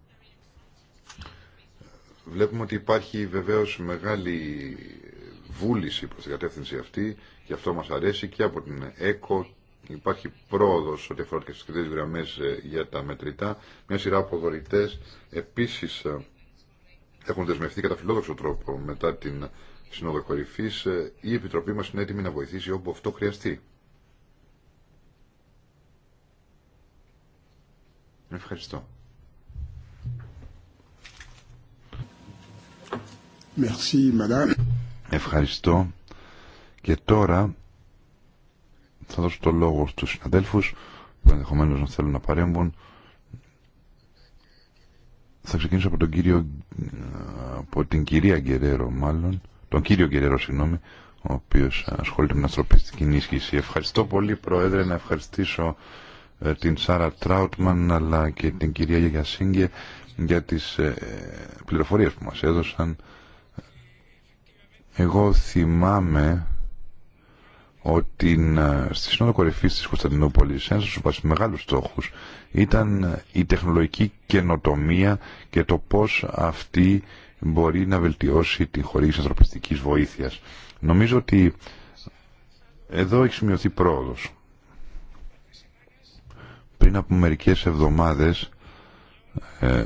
Βλέπουμε ότι υπάρχει βεβαίω μεγάλη βούληση προ την κατεύθυνση αυτή και αυτό μα αρέσει και από την ΕΚΟ, υπάρχει πρόοδο ό,τι αφορά τι κριτέ γραμμέ ε, για τα μετρητά. Μια σειρά από δωρητέ επίση ε, έχουν δεσμευτεί κατά φιλόδοξο τρόπο μετά την Συνόδο Κορυφή. Ε, η Επιτροπή μα είναι έτοιμη να βοηθήσει όπου αυτό χρειαστεί. Ευχαριστώ. Merci, Ευχαριστώ. Και τώρα θα δώσω το λόγο στους συναδέλφους που ενδεχομένως να θέλουν να παρέμβουν. Θα ξεκινήσω από τον κύριο, από την κυρία Γκερέρο μάλλον, τον κύριο Γκερέρο συγγνώμη, ο οποίος ασχολείται με την ανθρωπιστική ενίσχυση. Ευχαριστώ πολύ Πρόεδρε να ευχαριστήσω ε, την Σάρα Τράουτμαν αλλά και την κυρία Γιαγιασίνγκε για τις ε, πληροφορίες που μας έδωσαν. Εγώ θυμάμαι ότι ε, στη Σύνοδο Κορυφή τη Κωνσταντινούπολη ένα από του μεγάλου στόχου ήταν ε, η τεχνολογική καινοτομία και το πώ αυτή μπορεί να βελτιώσει την χορήγηση ανθρωπιστική βοήθεια. Νομίζω ότι εδώ έχει σημειωθεί πρόοδο. Πριν από μερικέ εβδομάδε ε,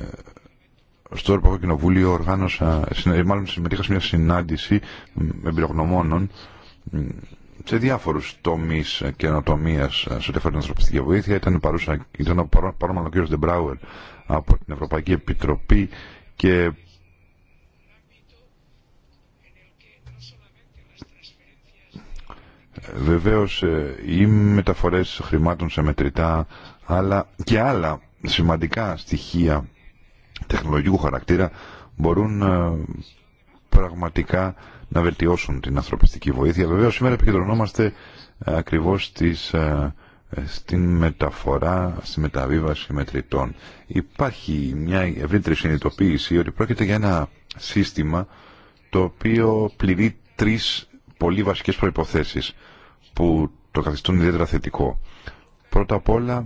στο Ευρωπαϊκό Κοινοβούλιο οργάνωσα, μάλλον συμμετείχα σε μια συνάντηση με εμπειρογνωμόνων σε διάφορους τομεί καινοτομία σε ό,τι αφορά την ανθρωπιστική βοήθεια. Ήταν, παρούσα, ήταν παρόμονα ο κ. Ντεμπράουερ από την Ευρωπαϊκή Επιτροπή και Βεβαίως ε, οι μεταφορές χρημάτων σε μετρητά αλλά και άλλα σημαντικά στοιχεία τεχνολογικού χαρακτήρα μπορούν ε, πραγματικά να βελτιώσουν την ανθρωπιστική βοήθεια. Βεβαίω, σήμερα επικεντρωνόμαστε ε, ακριβώς ε, ε, στην μεταφορά, στη μεταβίβαση μετρητών. Υπάρχει μια ευρύτερη συνειδητοποίηση ότι πρόκειται για ένα σύστημα το οποίο πληρεί τρεις πολύ βασικές προϋποθέσεις που το καθιστούν ιδιαίτερα θετικό. Πρώτα απ' όλα,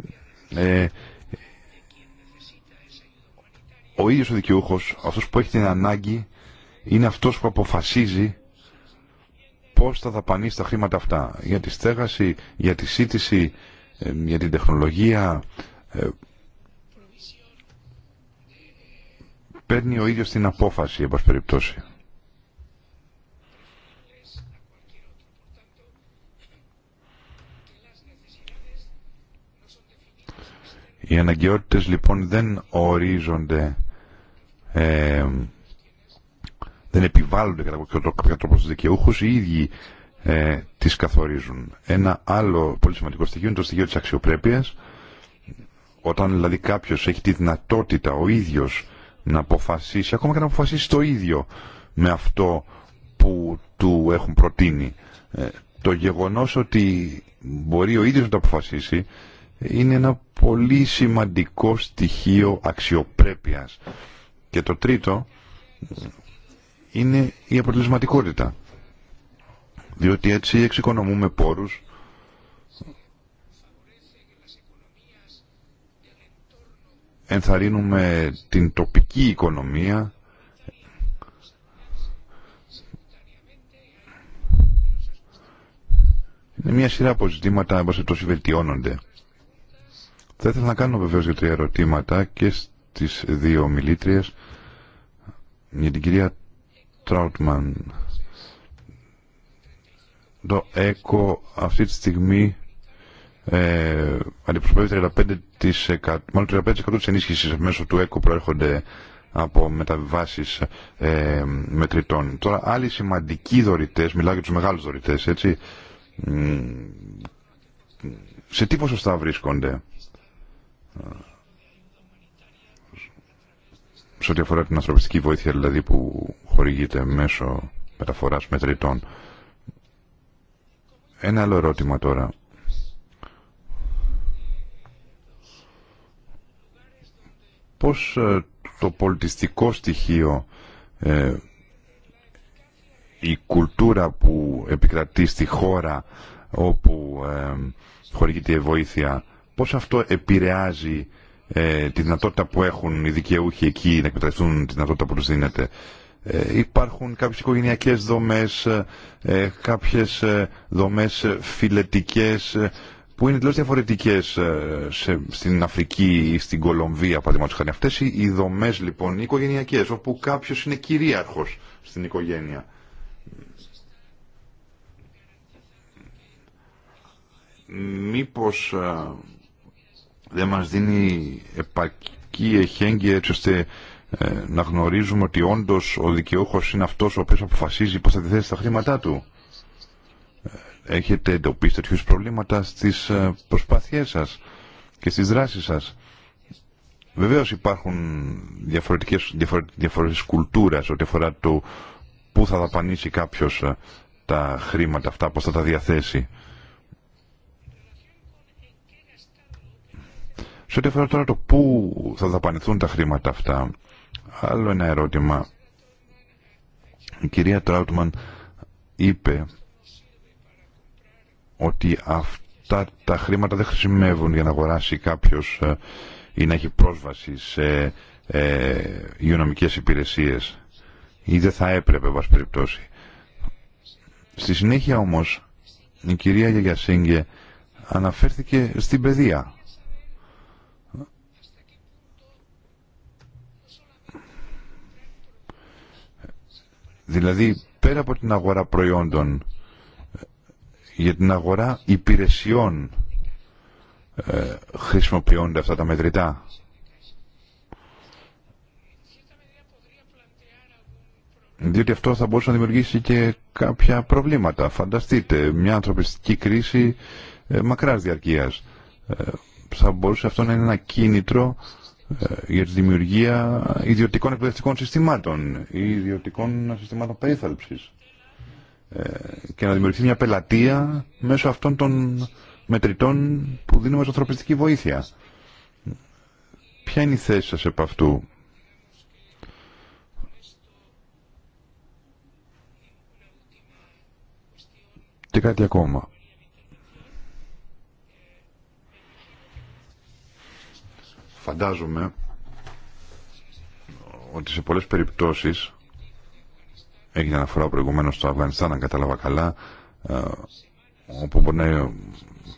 ο ίδιος ο δικαιούχος, αυτός που έχει την ανάγκη, είναι αυτός που αποφασίζει πώς θα δαπανίσει τα χρήματα αυτά. Για τη στέγαση, για τη σύντηση, ε, για την τεχνολογία. Ε, παίρνει ο ίδιος την απόφαση, εν περιπτώσει. Οι αναγκαιότητες λοιπόν δεν ορίζονται ε, δεν επιβάλλονται κατά κάποιο τρόπο στους δικαιούχους, οι ίδιοι ε, τις καθορίζουν. Ένα άλλο πολύ σημαντικό στοιχείο είναι το στοιχείο της αξιοπρέπειας. Όταν δηλαδή κάποιος έχει τη δυνατότητα ο ίδιος να αποφασίσει, ακόμα και να αποφασίσει το ίδιο με αυτό που του έχουν προτείνει. Ε, το γεγονός ότι μπορεί ο ίδιος να το αποφασίσει είναι ένα πολύ σημαντικό στοιχείο αξιοπρέπειας. Και το τρίτο είναι η αποτελεσματικότητα. Διότι έτσι εξοικονομούμε πόρους ενθαρρύνουμε την τοπική οικονομία Είναι μια σειρά από ζητήματα, όπως τόσο βελτιώνονται. Θα ήθελα να κάνω βεβαίως για τρία ερωτήματα και στις δύο μιλήτριες για την κυρία Τράουτμαν. Το ΕΚΟ αυτή τη στιγμή ε, αντιπροσωπεύει 35%, μάλλον 35% της ενίσχυσης μέσω του ΕΚΟ προέρχονται από μεταβάσεις ε, μετρητών. Τώρα άλλοι σημαντικοί δωρητές, μιλάω για τους μεγάλους δωρητές, έτσι, σε τι ποσοστά βρίσκονται σε ό,τι αφορά την ανθρωπιστική βοήθεια δηλαδή που χορηγείται μέσω μεταφοράς μετρητών. Ένα άλλο ερώτημα τώρα. Πώς ε, το πολιτιστικό στοιχείο, ε, η κουλτούρα που επικρατεί στη χώρα όπου ε, χορηγείται η βοήθεια, πώς αυτό επηρεάζει ε, τη δυνατότητα που έχουν οι δικαιούχοι εκεί να εκμεταλλευτούν τη δυνατότητα που του δίνεται. Ε, υπάρχουν κάποιες οικογενειακές δομές, ε, ε κάποιες ε, δομές φιλετικές που είναι τελώς διαφορετικές σε, στην Αφρική ή στην Κολομβία παραδείγματος χάρη. Αυτές οι, οι δομές λοιπόν οι οικογενειακές όπου κάποιος είναι κυρίαρχος στην οικογένεια. Μήπως δεν μας δίνει επαρκή εχέγγυα έτσι ώστε ε, να γνωρίζουμε ότι όντως ο δικαιούχο είναι αυτός ο οποίος αποφασίζει πώς θα τη τα χρήματά του. Ε, έχετε εντοπίσει τέτοιου προβλήματα στις ε, προσπάθειές σας και στις δράσεις σας. Βεβαίως υπάρχουν διαφορετικές, διαφορετικές κουλτούρες, ό,τι αφορά το πού θα δαπανίσει κάποιος τα χρήματα αυτά, πώς θα τα διαθέσει. Σε ό,τι αφορά τώρα το πού θα δαπανηθούν τα χρήματα αυτά, άλλο ένα ερώτημα. Η κυρία Τράουτμαν είπε ότι αυτά τα χρήματα δεν χρησιμεύουν για να αγοράσει κάποιος ε, ή να έχει πρόσβαση σε ε, υγειονομικές υπηρεσίες ή δεν θα έπρεπε βάση περιπτώσει. Στη συνέχεια όμως η κυρία Γιαγιασίνγκε αναφέρθηκε στην παιδεία. Δηλαδή πέρα από την αγορά προϊόντων για την αγορά υπηρεσιών ε, χρησιμοποιούνται αυτά τα μετρητά. Διότι αυτό θα μπορούσε να δημιουργήσει και κάποια προβλήματα. Φανταστείτε, μια ανθρωπιστική κρίση ε, μακράς διαρκείας. Ε, θα μπορούσε αυτό να είναι ένα κίνητρο ε, για τη δημιουργία ιδιωτικών εκπαιδευτικών συστημάτων ή ιδιωτικών συστημάτων περίθαλψης ε, και να δημιουργηθεί μια πελατεία μέσω αυτών των μετρητών που δίνουμε ως ανθρωπιστική βοήθεια. Ποια είναι η θέση σας επ' αυτού. Και κάτι ακόμα. Φαντάζομαι ότι σε πολλές περιπτώσεις έγινε αναφορά προηγουμένω στο Αφγανιστάν, αν κατάλαβα καλά, ε, όπου μπορεί να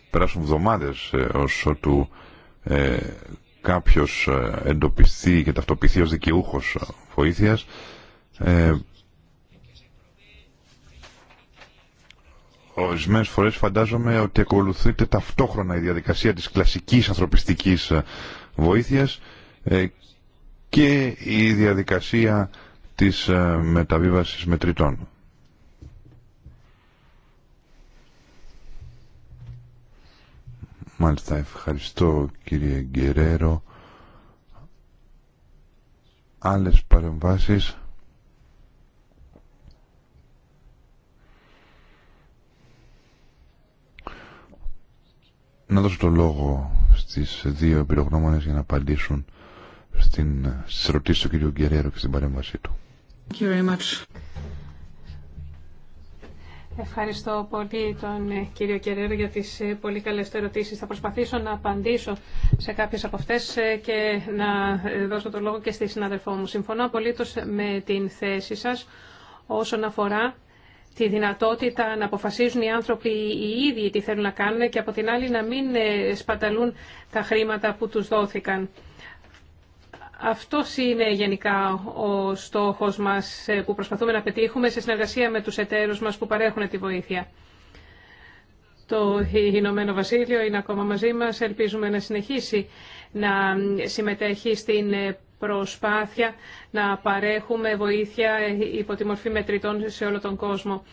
περάσουν εβδομάδες ως ε, του ε, κάποιος ε, εντοπιστεί και ταυτοποιηθεί ως δικαιούχος βοήθειας ε, Ορισμένε φορές φαντάζομαι ότι ακολουθείται ταυτόχρονα η διαδικασία της κλασικής ανθρωπιστικής βοήθειας ε, και η διαδικασία της ε, μεταβίβασης μετρητών. Μάλιστα, ευχαριστώ κύριε Γκερέρο. Άλλες παρεμβάσεις. Να δώσω το λόγο τις δύο εμπειρογνώμονες για να απαντήσουν στην, ε, στις ερωτήσεις του κ. Γκερέρο και στην παρέμβασή του. Ευχαριστώ πολύ τον ε, κύριο Κεραίρο για τις ε, πολύ καλές ερωτήσεις. Θα προσπαθήσω να απαντήσω σε κάποιες από αυτές και να δώσω το λόγο και στη συναδελφό μου. Συμφωνώ απολύτως με την θέση σας όσον αφορά τη δυνατότητα να αποφασίζουν οι άνθρωποι οι ίδιοι τι θέλουν να κάνουν και από την άλλη να μην ε, σπαταλούν τα χρήματα που τους δόθηκαν. Αυτό είναι γενικά ο στόχος μας ε, που προσπαθούμε να πετύχουμε σε συνεργασία με τους εταίρους μας που παρέχουν τη βοήθεια. Το Ηνωμένο Βασίλειο είναι ακόμα μαζί μας. Ελπίζουμε να συνεχίσει να συμμετέχει στην ε, προσπάθεια να παρέχουμε βοήθεια υπό τη μορφή μετρητών σε όλο τον κόσμο.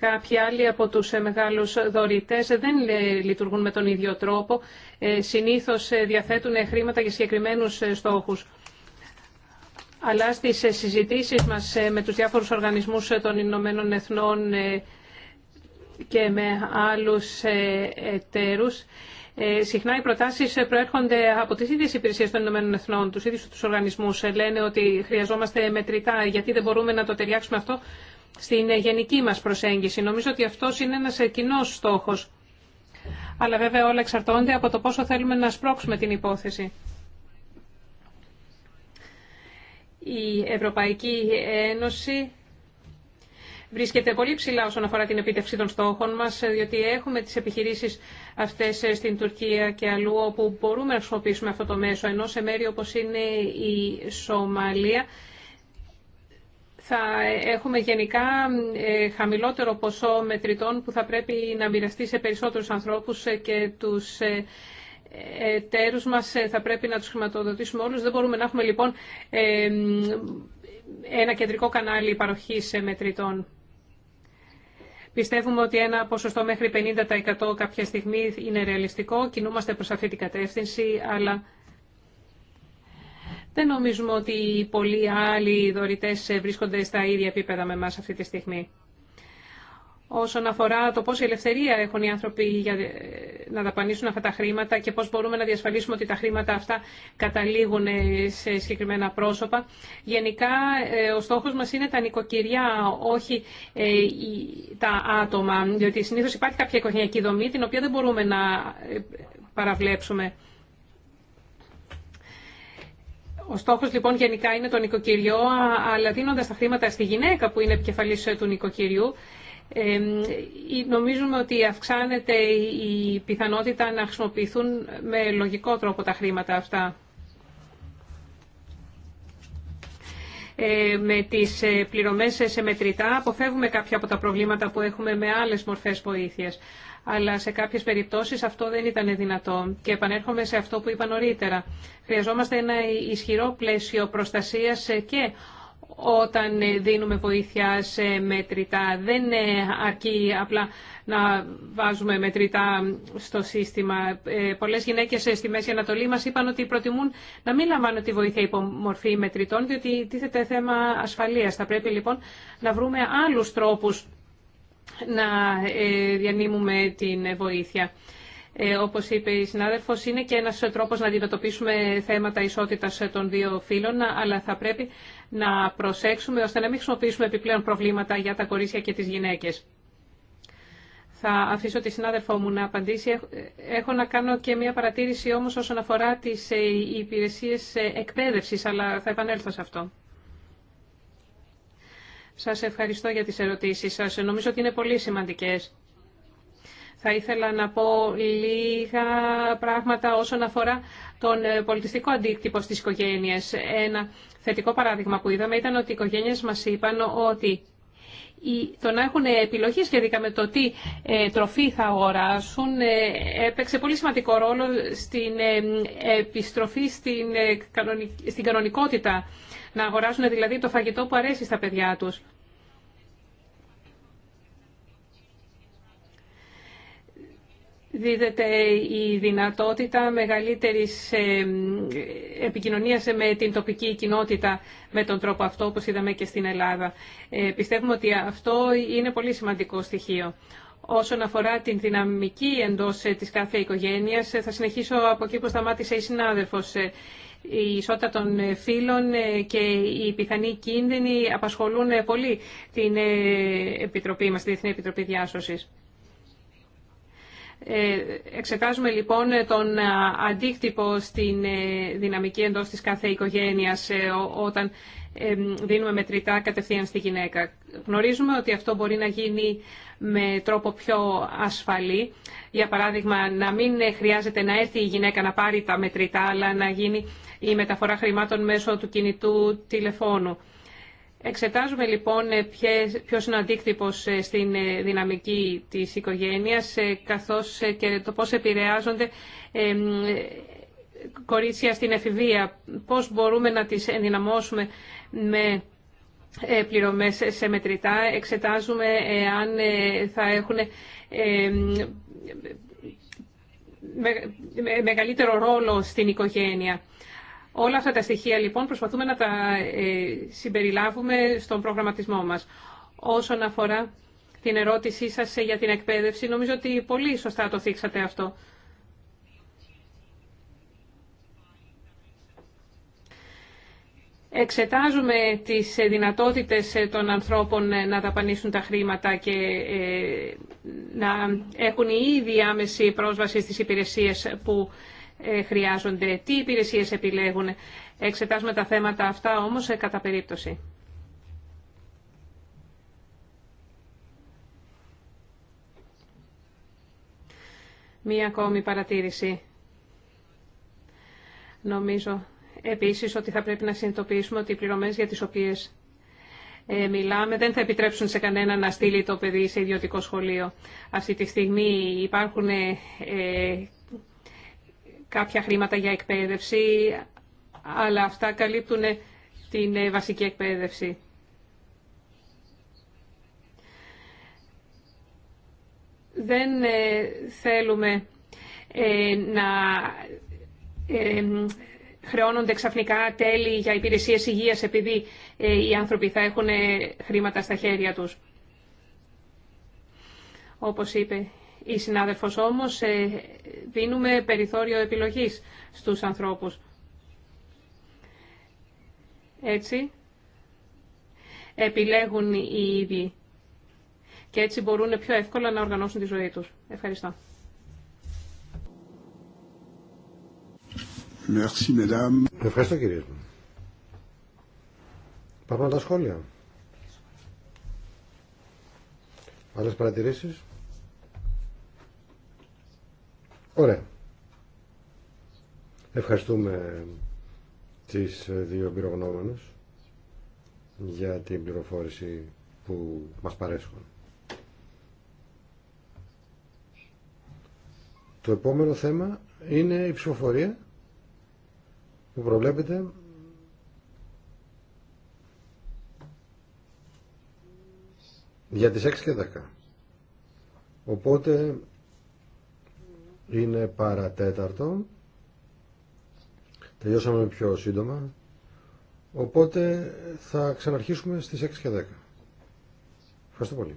Κάποιοι άλλοι από τους ε, μεγάλους δωρητές δεν ε, λειτουργούν με τον ίδιο τρόπο. Ε, συνήθως διαθέτουν χρήματα για συγκεκριμένους στόχους. Αλλά στις συζητήσεις μας με τους διάφορους οργανισμούς των Ηνωμένων Εθνών και με άλλους εταίρους ε, συχνά οι προτάσεις προέρχονται από τις ίδιες υπηρεσίε των Ηνωμένων Εθνών, τους ίδιους τους οργανισμούς. Ε, λένε ότι χρειαζόμαστε μετρητά, γιατί δεν μπορούμε να το ταιριάξουμε αυτό στην γενική μας προσέγγιση. Νομίζω ότι αυτό είναι ένας κοινό στόχος. Αλλά βέβαια όλα εξαρτώνται από το πόσο θέλουμε να σπρώξουμε την υπόθεση. Η Ευρωπαϊκή Ένωση βρίσκεται πολύ ψηλά όσον αφορά την επίτευξη των στόχων μας, ε, διότι έχουμε τις επιχειρήσεις αυτές ε, στην Τουρκία και αλλού όπου μπορούμε να χρησιμοποιήσουμε αυτό το μέσο, ενώ σε μέρη όπως είναι η Σομαλία θα έχουμε γενικά ε, χαμηλότερο ποσό μετρητών που θα πρέπει να μοιραστεί σε περισσότερους ανθρώπους και τους εταίρους μας θα πρέπει να τους χρηματοδοτήσουμε όλους. Δεν μπορούμε να έχουμε λοιπόν ένα κεντρικό κανάλι παροχής μετρητών. Πιστεύουμε ότι ένα ποσοστό μέχρι 50% κάποια στιγμή είναι ρεαλιστικό. Κινούμαστε προς αυτή την κατεύθυνση, αλλά δεν νομίζουμε ότι πολλοί άλλοι δωρητές βρίσκονται στα ίδια επίπεδα με εμάς αυτή τη στιγμή όσον αφορά το πόση ελευθερία έχουν οι άνθρωποι για ε, να δαπανίσουν αυτά τα χρήματα και πώς μπορούμε να διασφαλίσουμε ότι τα χρήματα αυτά καταλήγουν ε, σε συγκεκριμένα πρόσωπα. Γενικά, ε, ο στόχος μας είναι τα νοικοκυριά, όχι τα άτομα, διότι συνήθως υπάρχει κάποια οικογενειακή δομή την οποία δεν μπορούμε να παραβλέψουμε. Ο στόχος λοιπόν γενικά είναι το νοικοκυριό, αλλά δίνοντας τα χρήματα στη γυναίκα που είναι επικεφαλής του νοικοκυριού, νομίζουμε ότι αυξάνεται η πιθανότητα να χρησιμοποιηθούν με λογικό τρόπο τα χρήματα αυτά. Ε, με τις ε, πληρωμές σε μετρητά αποφεύγουμε κάποια από τα προβλήματα που έχουμε με άλλες μορφές βοήθειας. Αλλά σε κάποιες περιπτώσεις αυτό δεν ήταν δυνατό. Και επανέρχομαι σε αυτό που είπα νωρίτερα. Χρειαζόμαστε ένα ισχυρό πλαίσιο προστασίας ε, και όταν ε, δίνουμε βοήθεια σε μετρητά. Δεν ε, αρκεί απλά να βάζουμε μετρητά στο σύστημα. Ε, πολλές γυναίκες στη Μέση Ανατολή μας είπαν ότι προτιμούν να μην λαμβάνουν τη βοήθεια υπό μορφή μετρητών, διότι τίθεται θέμα ασφαλείας. Θα πρέπει λοιπόν να βρούμε άλλους τρόπους να διανύμουμε την βοήθεια. Ε, όπως είπε η συνάδελφος, είναι και ένας τρόπος να αντιμετωπίσουμε θέματα ισότητας των δύο φύλων, αλλά θα πρέπει να προσέξουμε ώστε να μην χρησιμοποιήσουμε επιπλέον προβλήματα για τα κορίτσια και τις γυναίκες. Θα αφήσω τη συνάδελφό μου να απαντήσει. Έχω να κάνω και μια παρατήρηση όμως όσον αφορά τις ε, υπηρεσίες ε, εκπαίδευσης, αλλά θα επανέλθω σε αυτό. Σας ευχαριστώ για τις ερωτήσεις σας. Νομίζω ότι είναι πολύ σημαντικές. Θα ήθελα να πω λίγα πράγματα όσον αφορά τον ε, πολιτιστικό αντίκτυπο στις οικογένειες. Ένα θετικό παράδειγμα που είδαμε ήταν ότι οι οικογένειες μας είπαν ότι το να έχουν επιλογή σχετικά με το τι ε, τροφή θα αγοράσουν ε, έπαιξε πολύ σημαντικό ρόλο στην επιστροφή στην κανονικότητα. Να αγοράσουν δηλαδή το φαγητό που αρέσει στα παιδιά τους. δίδεται η δυνατότητα μεγαλύτερης ε, επικοινωνίας με την τοπική κοινότητα με τον τρόπο αυτό, όπως είδαμε και στην Ελλάδα. Ε, πιστεύουμε ότι αυτό είναι πολύ σημαντικό στοιχείο. Όσον αφορά την δυναμική εντός ε, της κάθε οικογένειας, θα συνεχίσω από εκεί που σταμάτησε η συνάδελφος. Η ισότητα των φύλων και οι πιθανοί κίνδυνοι απασχολούν πολύ την Επιτροπή μας, την Διεθνή Επιτροπή Διάσωσης. Ε, εξετάζουμε λοιπόν τον ε, αντίκτυπο στην ε, δυναμική εντός της κάθε οικογένειας όταν δίνουμε μετρητά κατευθείαν στη γυναίκα. Γνωρίζουμε ότι αυτό μπορεί να γίνει με τρόπο πιο ασφαλή. Για παράδειγμα, να μην χρειάζεται να έρθει η γυναίκα να πάρει τα μετρητά, αλλά να γίνει η μεταφορά χρημάτων μέσω του κινητού τηλεφώνου. Εξετάζουμε λοιπόν ε, ποιος είναι ο αντίκτυπος ε, στην ε, δυναμική της οικογένειας καθώς και το πώς επηρεάζονται κορίτσια στην εφηβεία, πώς μπορούμε να τις ενδυναμώσουμε με πληρωμές σε μετρητά. Εξετάζουμε αν θα έχουν μεγαλύτερο ρόλο στην οικογένεια. Όλα αυτά τα στοιχεία λοιπόν προσπαθούμε να τα ε, συμπεριλάβουμε στον προγραμματισμό μας. Όσον αφορά την ερώτησή σας για την εκπαίδευση, νομίζω ότι πολύ σωστά το θίξατε αυτό. Εξετάζουμε τις δυνατότητες των ανθρώπων να δαπανίσουν τα χρήματα και ε, να έχουν ήδη άμεση πρόσβαση στις υπηρεσίες που ε, χρειάζονται, τι υπηρεσίες επιλέγουν. Εξετάζουμε τα θέματα αυτά όμως ε, κατά περίπτωση. Μία ακόμη παρατήρηση. Νομίζω επίσης ότι θα πρέπει να συνειδητοποιήσουμε ότι οι πληρωμές για τις οποίες ε, μιλάμε δεν θα επιτρέψουν σε κανένα να στείλει το παιδί σε ιδιωτικό σχολείο. Αυτή τη στιγμή υπάρχουν κάποια χρήματα για εκπαίδευση, αλλά αυτά καλύπτουν την ε, βασική εκπαίδευση. Δεν ε, θέλουμε ε, να χρεώνονται ξαφνικά τέλη για υπηρεσίες υγείας επειδή οι άνθρωποι θα έχουν χρήματα στα χέρια τους. Όπως είπε η συνάδελφος όμως ε, δίνουμε περιθώριο επιλογής στους ανθρώπους. Έτσι επιλέγουν οι ίδιοι και έτσι μπορούν πιο εύκολα να οργανώσουν τη ζωή τους. Ευχαριστώ. Merci, Ευχαριστώ κύριε. Πάμε τα σχόλια. Άλλες παρατηρήσεις. Ωραία. Ευχαριστούμε τις δύο εμπειρογνώμενους για την πληροφόρηση που μας παρέσχουν. Το επόμενο θέμα είναι η ψηφοφορία που προβλέπεται για τις 6 και 10. Οπότε είναι παρατέταρτο. Τελειώσαμε πιο σύντομα. Οπότε θα ξαναρχίσουμε στις 6 και 10. Ευχαριστώ πολύ.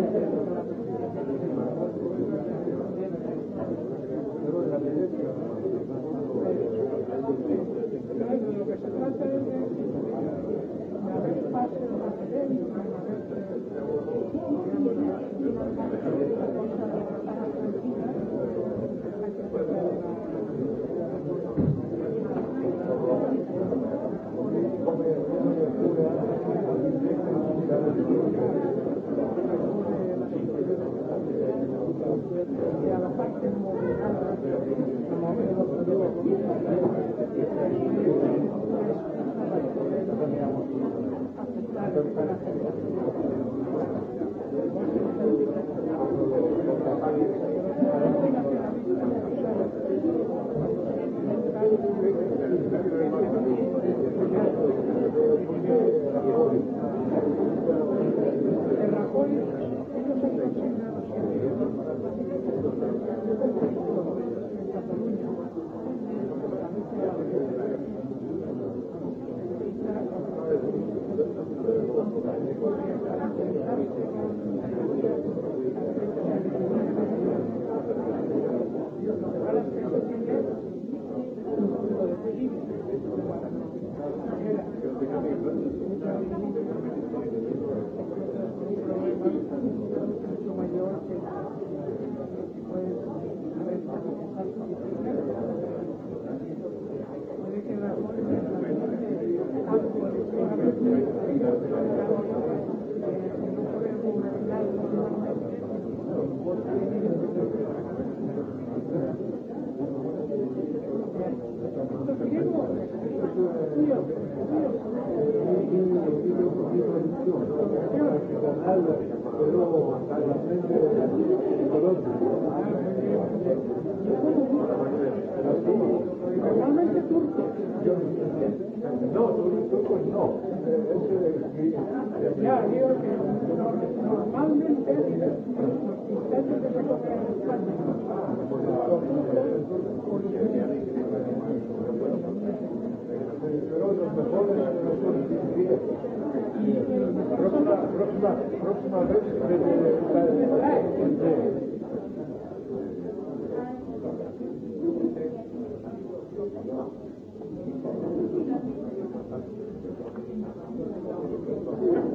Thank you.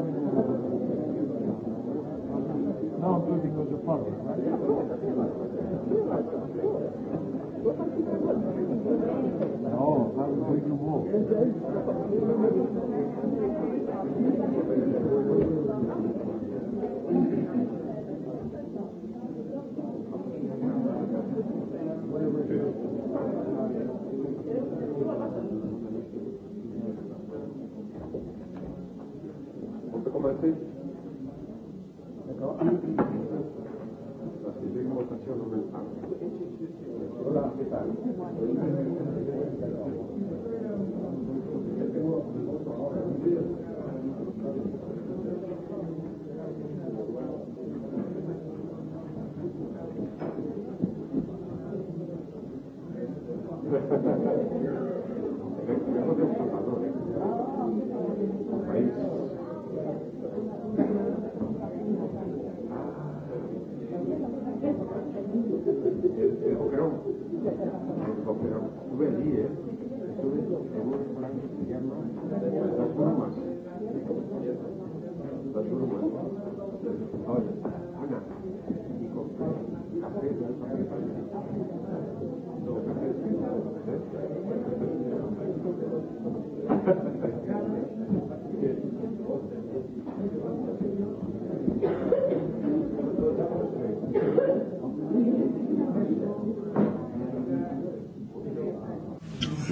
Now I'm good of walk.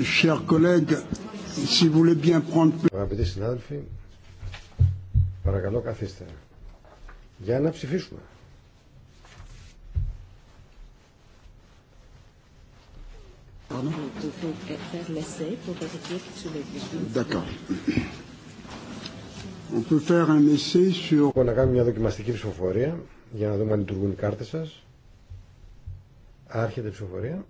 Chers collègues, si vous voulez bien prendre... Αγαπητοί συνάδελφοι, παρακαλώ καθίστε. Για να ψηφίσουμε. D'accord. On peut faire un essai sur... να κάνουμε μια δοκιμαστική ψηφοφορία για να δούμε αν λειτουργούν οι κάρτες σας. Άρχεται η ψηφοφορία.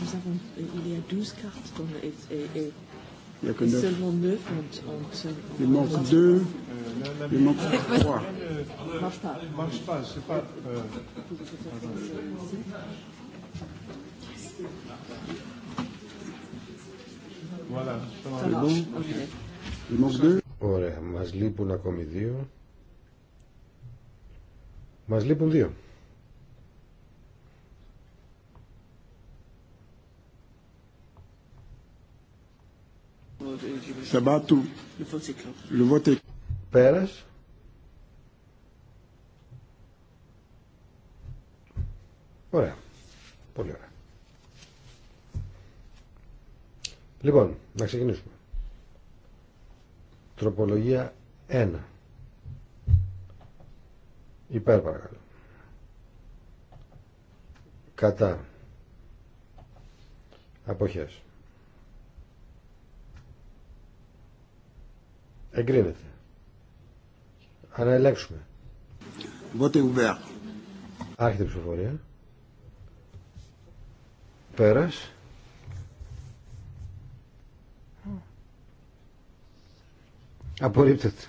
nous avons, il y a 12 cartes dont, et, et, il y a que neuf. seulement 9 ont, ont, Il manque 2, il manque 3. Marche pas. Marche pas, c'est pas. Euh... Voilà, ça marche. Il manque 2. Ωραία, μας λείπουν ακόμη δύο. Μας λείπουν δύο. Σαμπάτου. Πέρας. Ωραία. Πολύ ωραία. Λοιπόν, να ξεκινήσουμε. Τροπολογία 1. Υπέρ παρακαλώ. Κατά. Αποχές. Εγκρίνεται. Αλλά ελέγξουμε. Άρχεται η ψηφοφορία. Πέρας. Απορρίπτεται.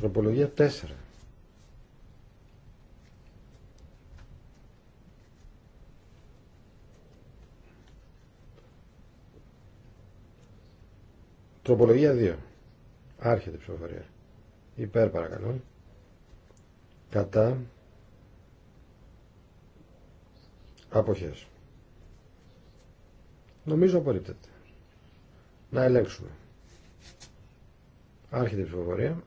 Τροπολογία 4. Τροπολογία 2. Άρχεται η ψηφοφορία. Υπέρ παρακαλώ. Κατά. Αποχές. Νομίζω απορρίπτεται. Να ελέγξουμε. Άρχεται η ψηφοφορία.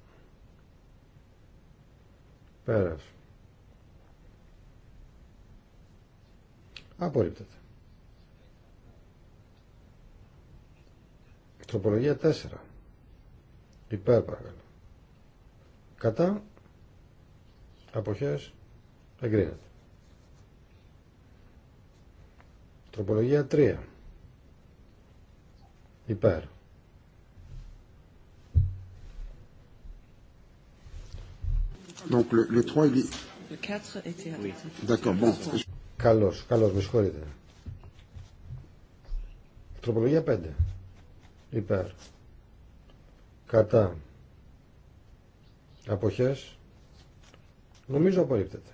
Πέρας. Απορρίπτεται. Τροπολογία 4. Υπέρ παρακαλώ. Κατά. Αποχές. Εγκρίνεται. Τροπολογία 3. Υπέρ. Donc le, le 3 il est... Le 4 était oui. D'accord, bon. Καλώς, καλώς, με συγχωρείτε. Τροπολογία 5 υπέρ κατά αποχές νομίζω απορρίπτεται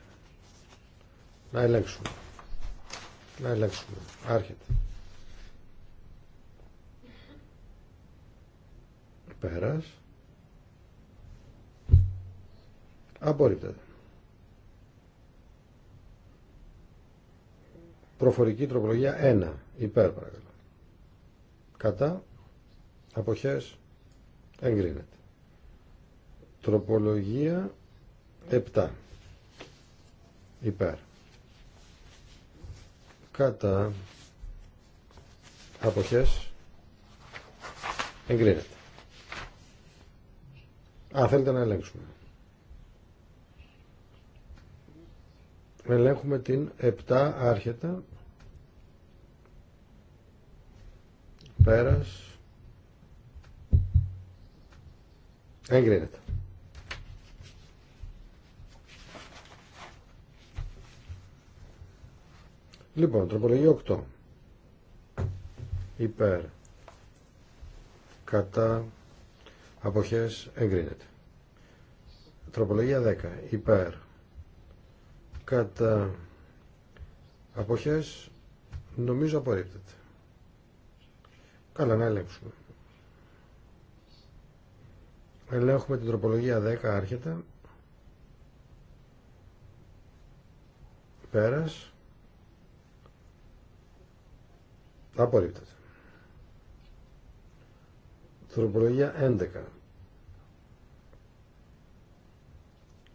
να ελέγξουμε να ελέγξουμε άρχεται πέρας απορρίπτεται προφορική τροπολογία 1 υπέρ παρακαλώ κατά αποχές εγκρίνεται τροπολογία 7 υπέρ κατά αποχές εγκρίνεται Α, θέλετε να ελέγξουμε. Ελέγχουμε την 7 άρχεται. Πέρας. Εγκρίνεται. Λοιπόν, τροπολογία 8. Υπέρ. Κατά. Αποχές. Εγκρίνεται. Τροπολογία 10. Υπέρ. Κατά. Αποχές. Νομίζω απορρίπτεται. Καλά να ελέγξουμε. Ελέγχουμε την τροπολογία 10 άρχεται. Πέρας. Απορρίπτεται. Τροπολογία 11.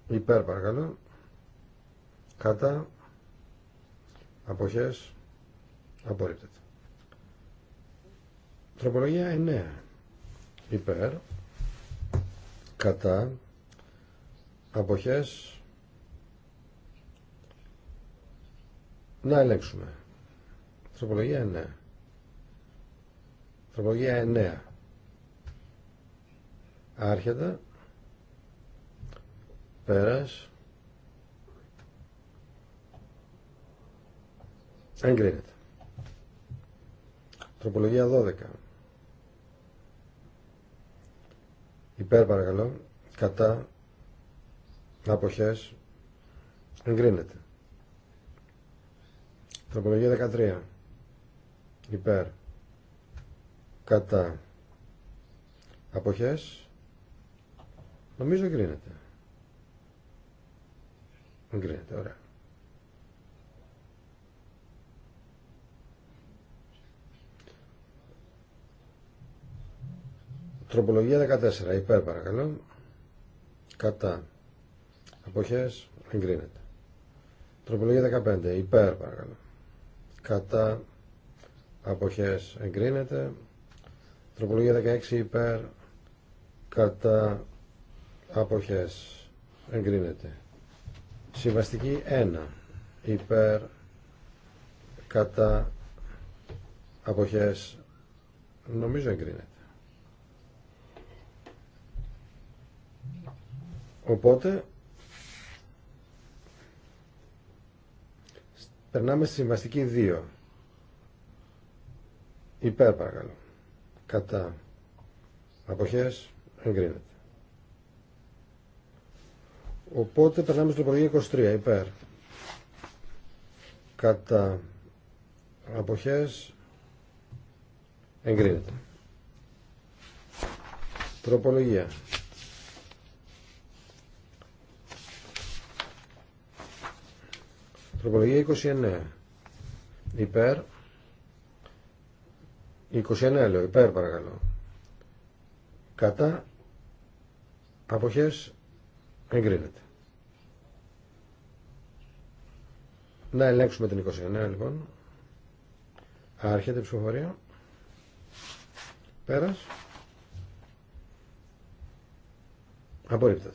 Υπέρ παρακαλώ. Κατά. Αποχές. Απορρίπτεται. Τροπολογία 9. Υπέρ κατά αποχές να ελέγξουμε τροπολογία 9 τροπολογία 9 άρχεται πέρας εγκρίνεται τροπολογία 12 Υπέρ παρακαλώ. Κατά. Αποχές. Εγκρίνεται. Τροπολογία 13. Υπέρ. Κατά. Αποχές. Νομίζω εγκρίνεται. Εγκρίνεται, ωραία. Τροπολογία 14. Υπέρ παρακαλώ. Κατά. Αποχές. Εγκρίνεται. Τροπολογία 15. Υπέρ παρακαλώ. Κατά. Αποχές. Εγκρίνεται. Τροπολογία 16. Υπέρ. Κατά. Αποχές. Εγκρίνεται. Συμβαστική 1. Υπέρ. Κατά. Αποχές. Νομίζω εγκρίνεται. Οπότε περνάμε στη συμβαστική 2. Υπέρ παρακαλώ. Κατά αποχές εγκρίνεται. Οπότε περνάμε στο τροπολογία 23. Υπέρ. Κατά αποχές εγκρίνεται. Τροπολογία. Προπολογία 29. Υπέρ. 29 λέω. Υπέρ παρακαλώ. Κατά. Αποχές. Εγκρίνεται. Να ελέγξουμε την 29 λοιπόν. Άρχεται η ψηφοφορία. Πέρας. Απορρίπτεται.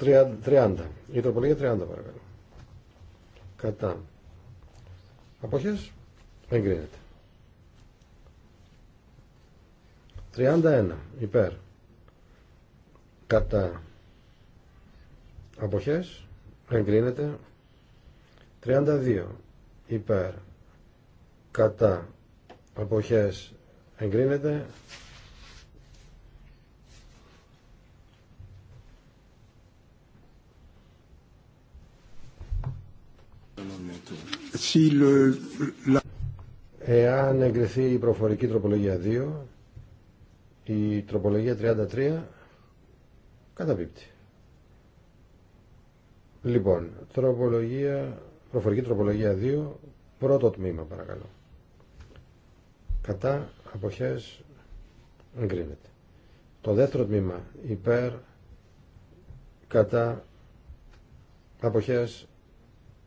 30. Η τροπολογία 30 παρακαλώ. Κατά. Αποχές. Εγκρίνεται. 31. Υπέρ. Κατά. Αποχές. Εγκρίνεται. 32. Υπέρ. Κατά. Αποχές. Εγκρίνεται. Εάν εγκριθεί η προφορική τροπολογία 2, η τροπολογία 33 καταπίπτει. Λοιπόν, τροπολογία, προφορική τροπολογία 2, πρώτο τμήμα παρακαλώ. Κατά αποχές εγκρίνεται. Το δεύτερο τμήμα υπέρ κατά αποχές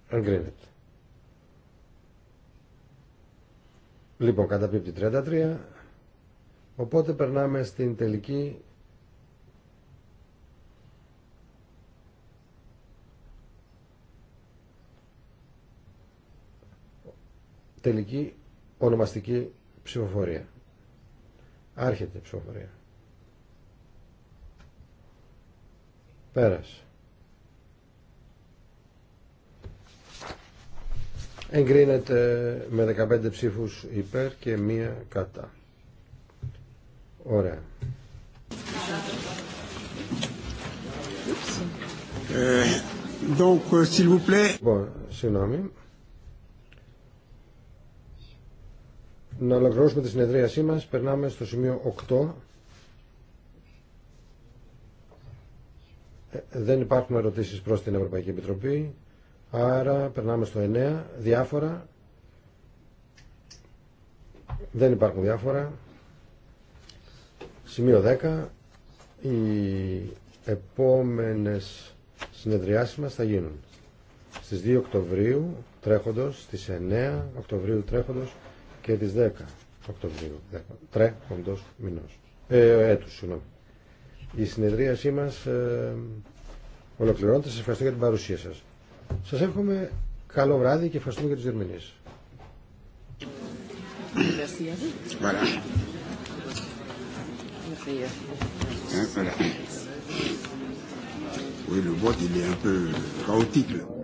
εγκρίνεται. Λοιπόν, καταπίπτει 33. Οπότε περνάμε στην τελική τελική ονομαστική ψηφοφορία. Άρχεται η ψηφοφορία. Πέρασε. Εγκρίνεται με 15 ψήφους υπέρ και μία κατά. Ωραία. Ε, euh, λοιπόν, συγγνώμη. Να ολοκληρώσουμε τη συνεδρίασή μας. Περνάμε στο σημείο 8. Ε, δεν υπάρχουν ερωτήσεις προς την Ευρωπαϊκή Επιτροπή. Άρα περνάμε στο 9. Διάφορα. Δεν υπάρχουν διάφορα. Σημείο 10. Οι επόμενες συνεδριάσεις μας θα γίνουν στις 2 Οκτωβρίου τρέχοντος, στις 9 Οκτωβρίου τρέχοντος και τις 10 Οκτωβρίου τρέχοντος μηνός. Ε, έτους, συγγνώμη. Η συνεδρίασή μας ε, ολοκληρώνεται. Σας ευχαριστώ για την παρουσία σας. Σας εύχομαι καλό βράδυ και ευχαριστούμε για τις διερμηνείς. Oui, le vote, il est un peu chaotique.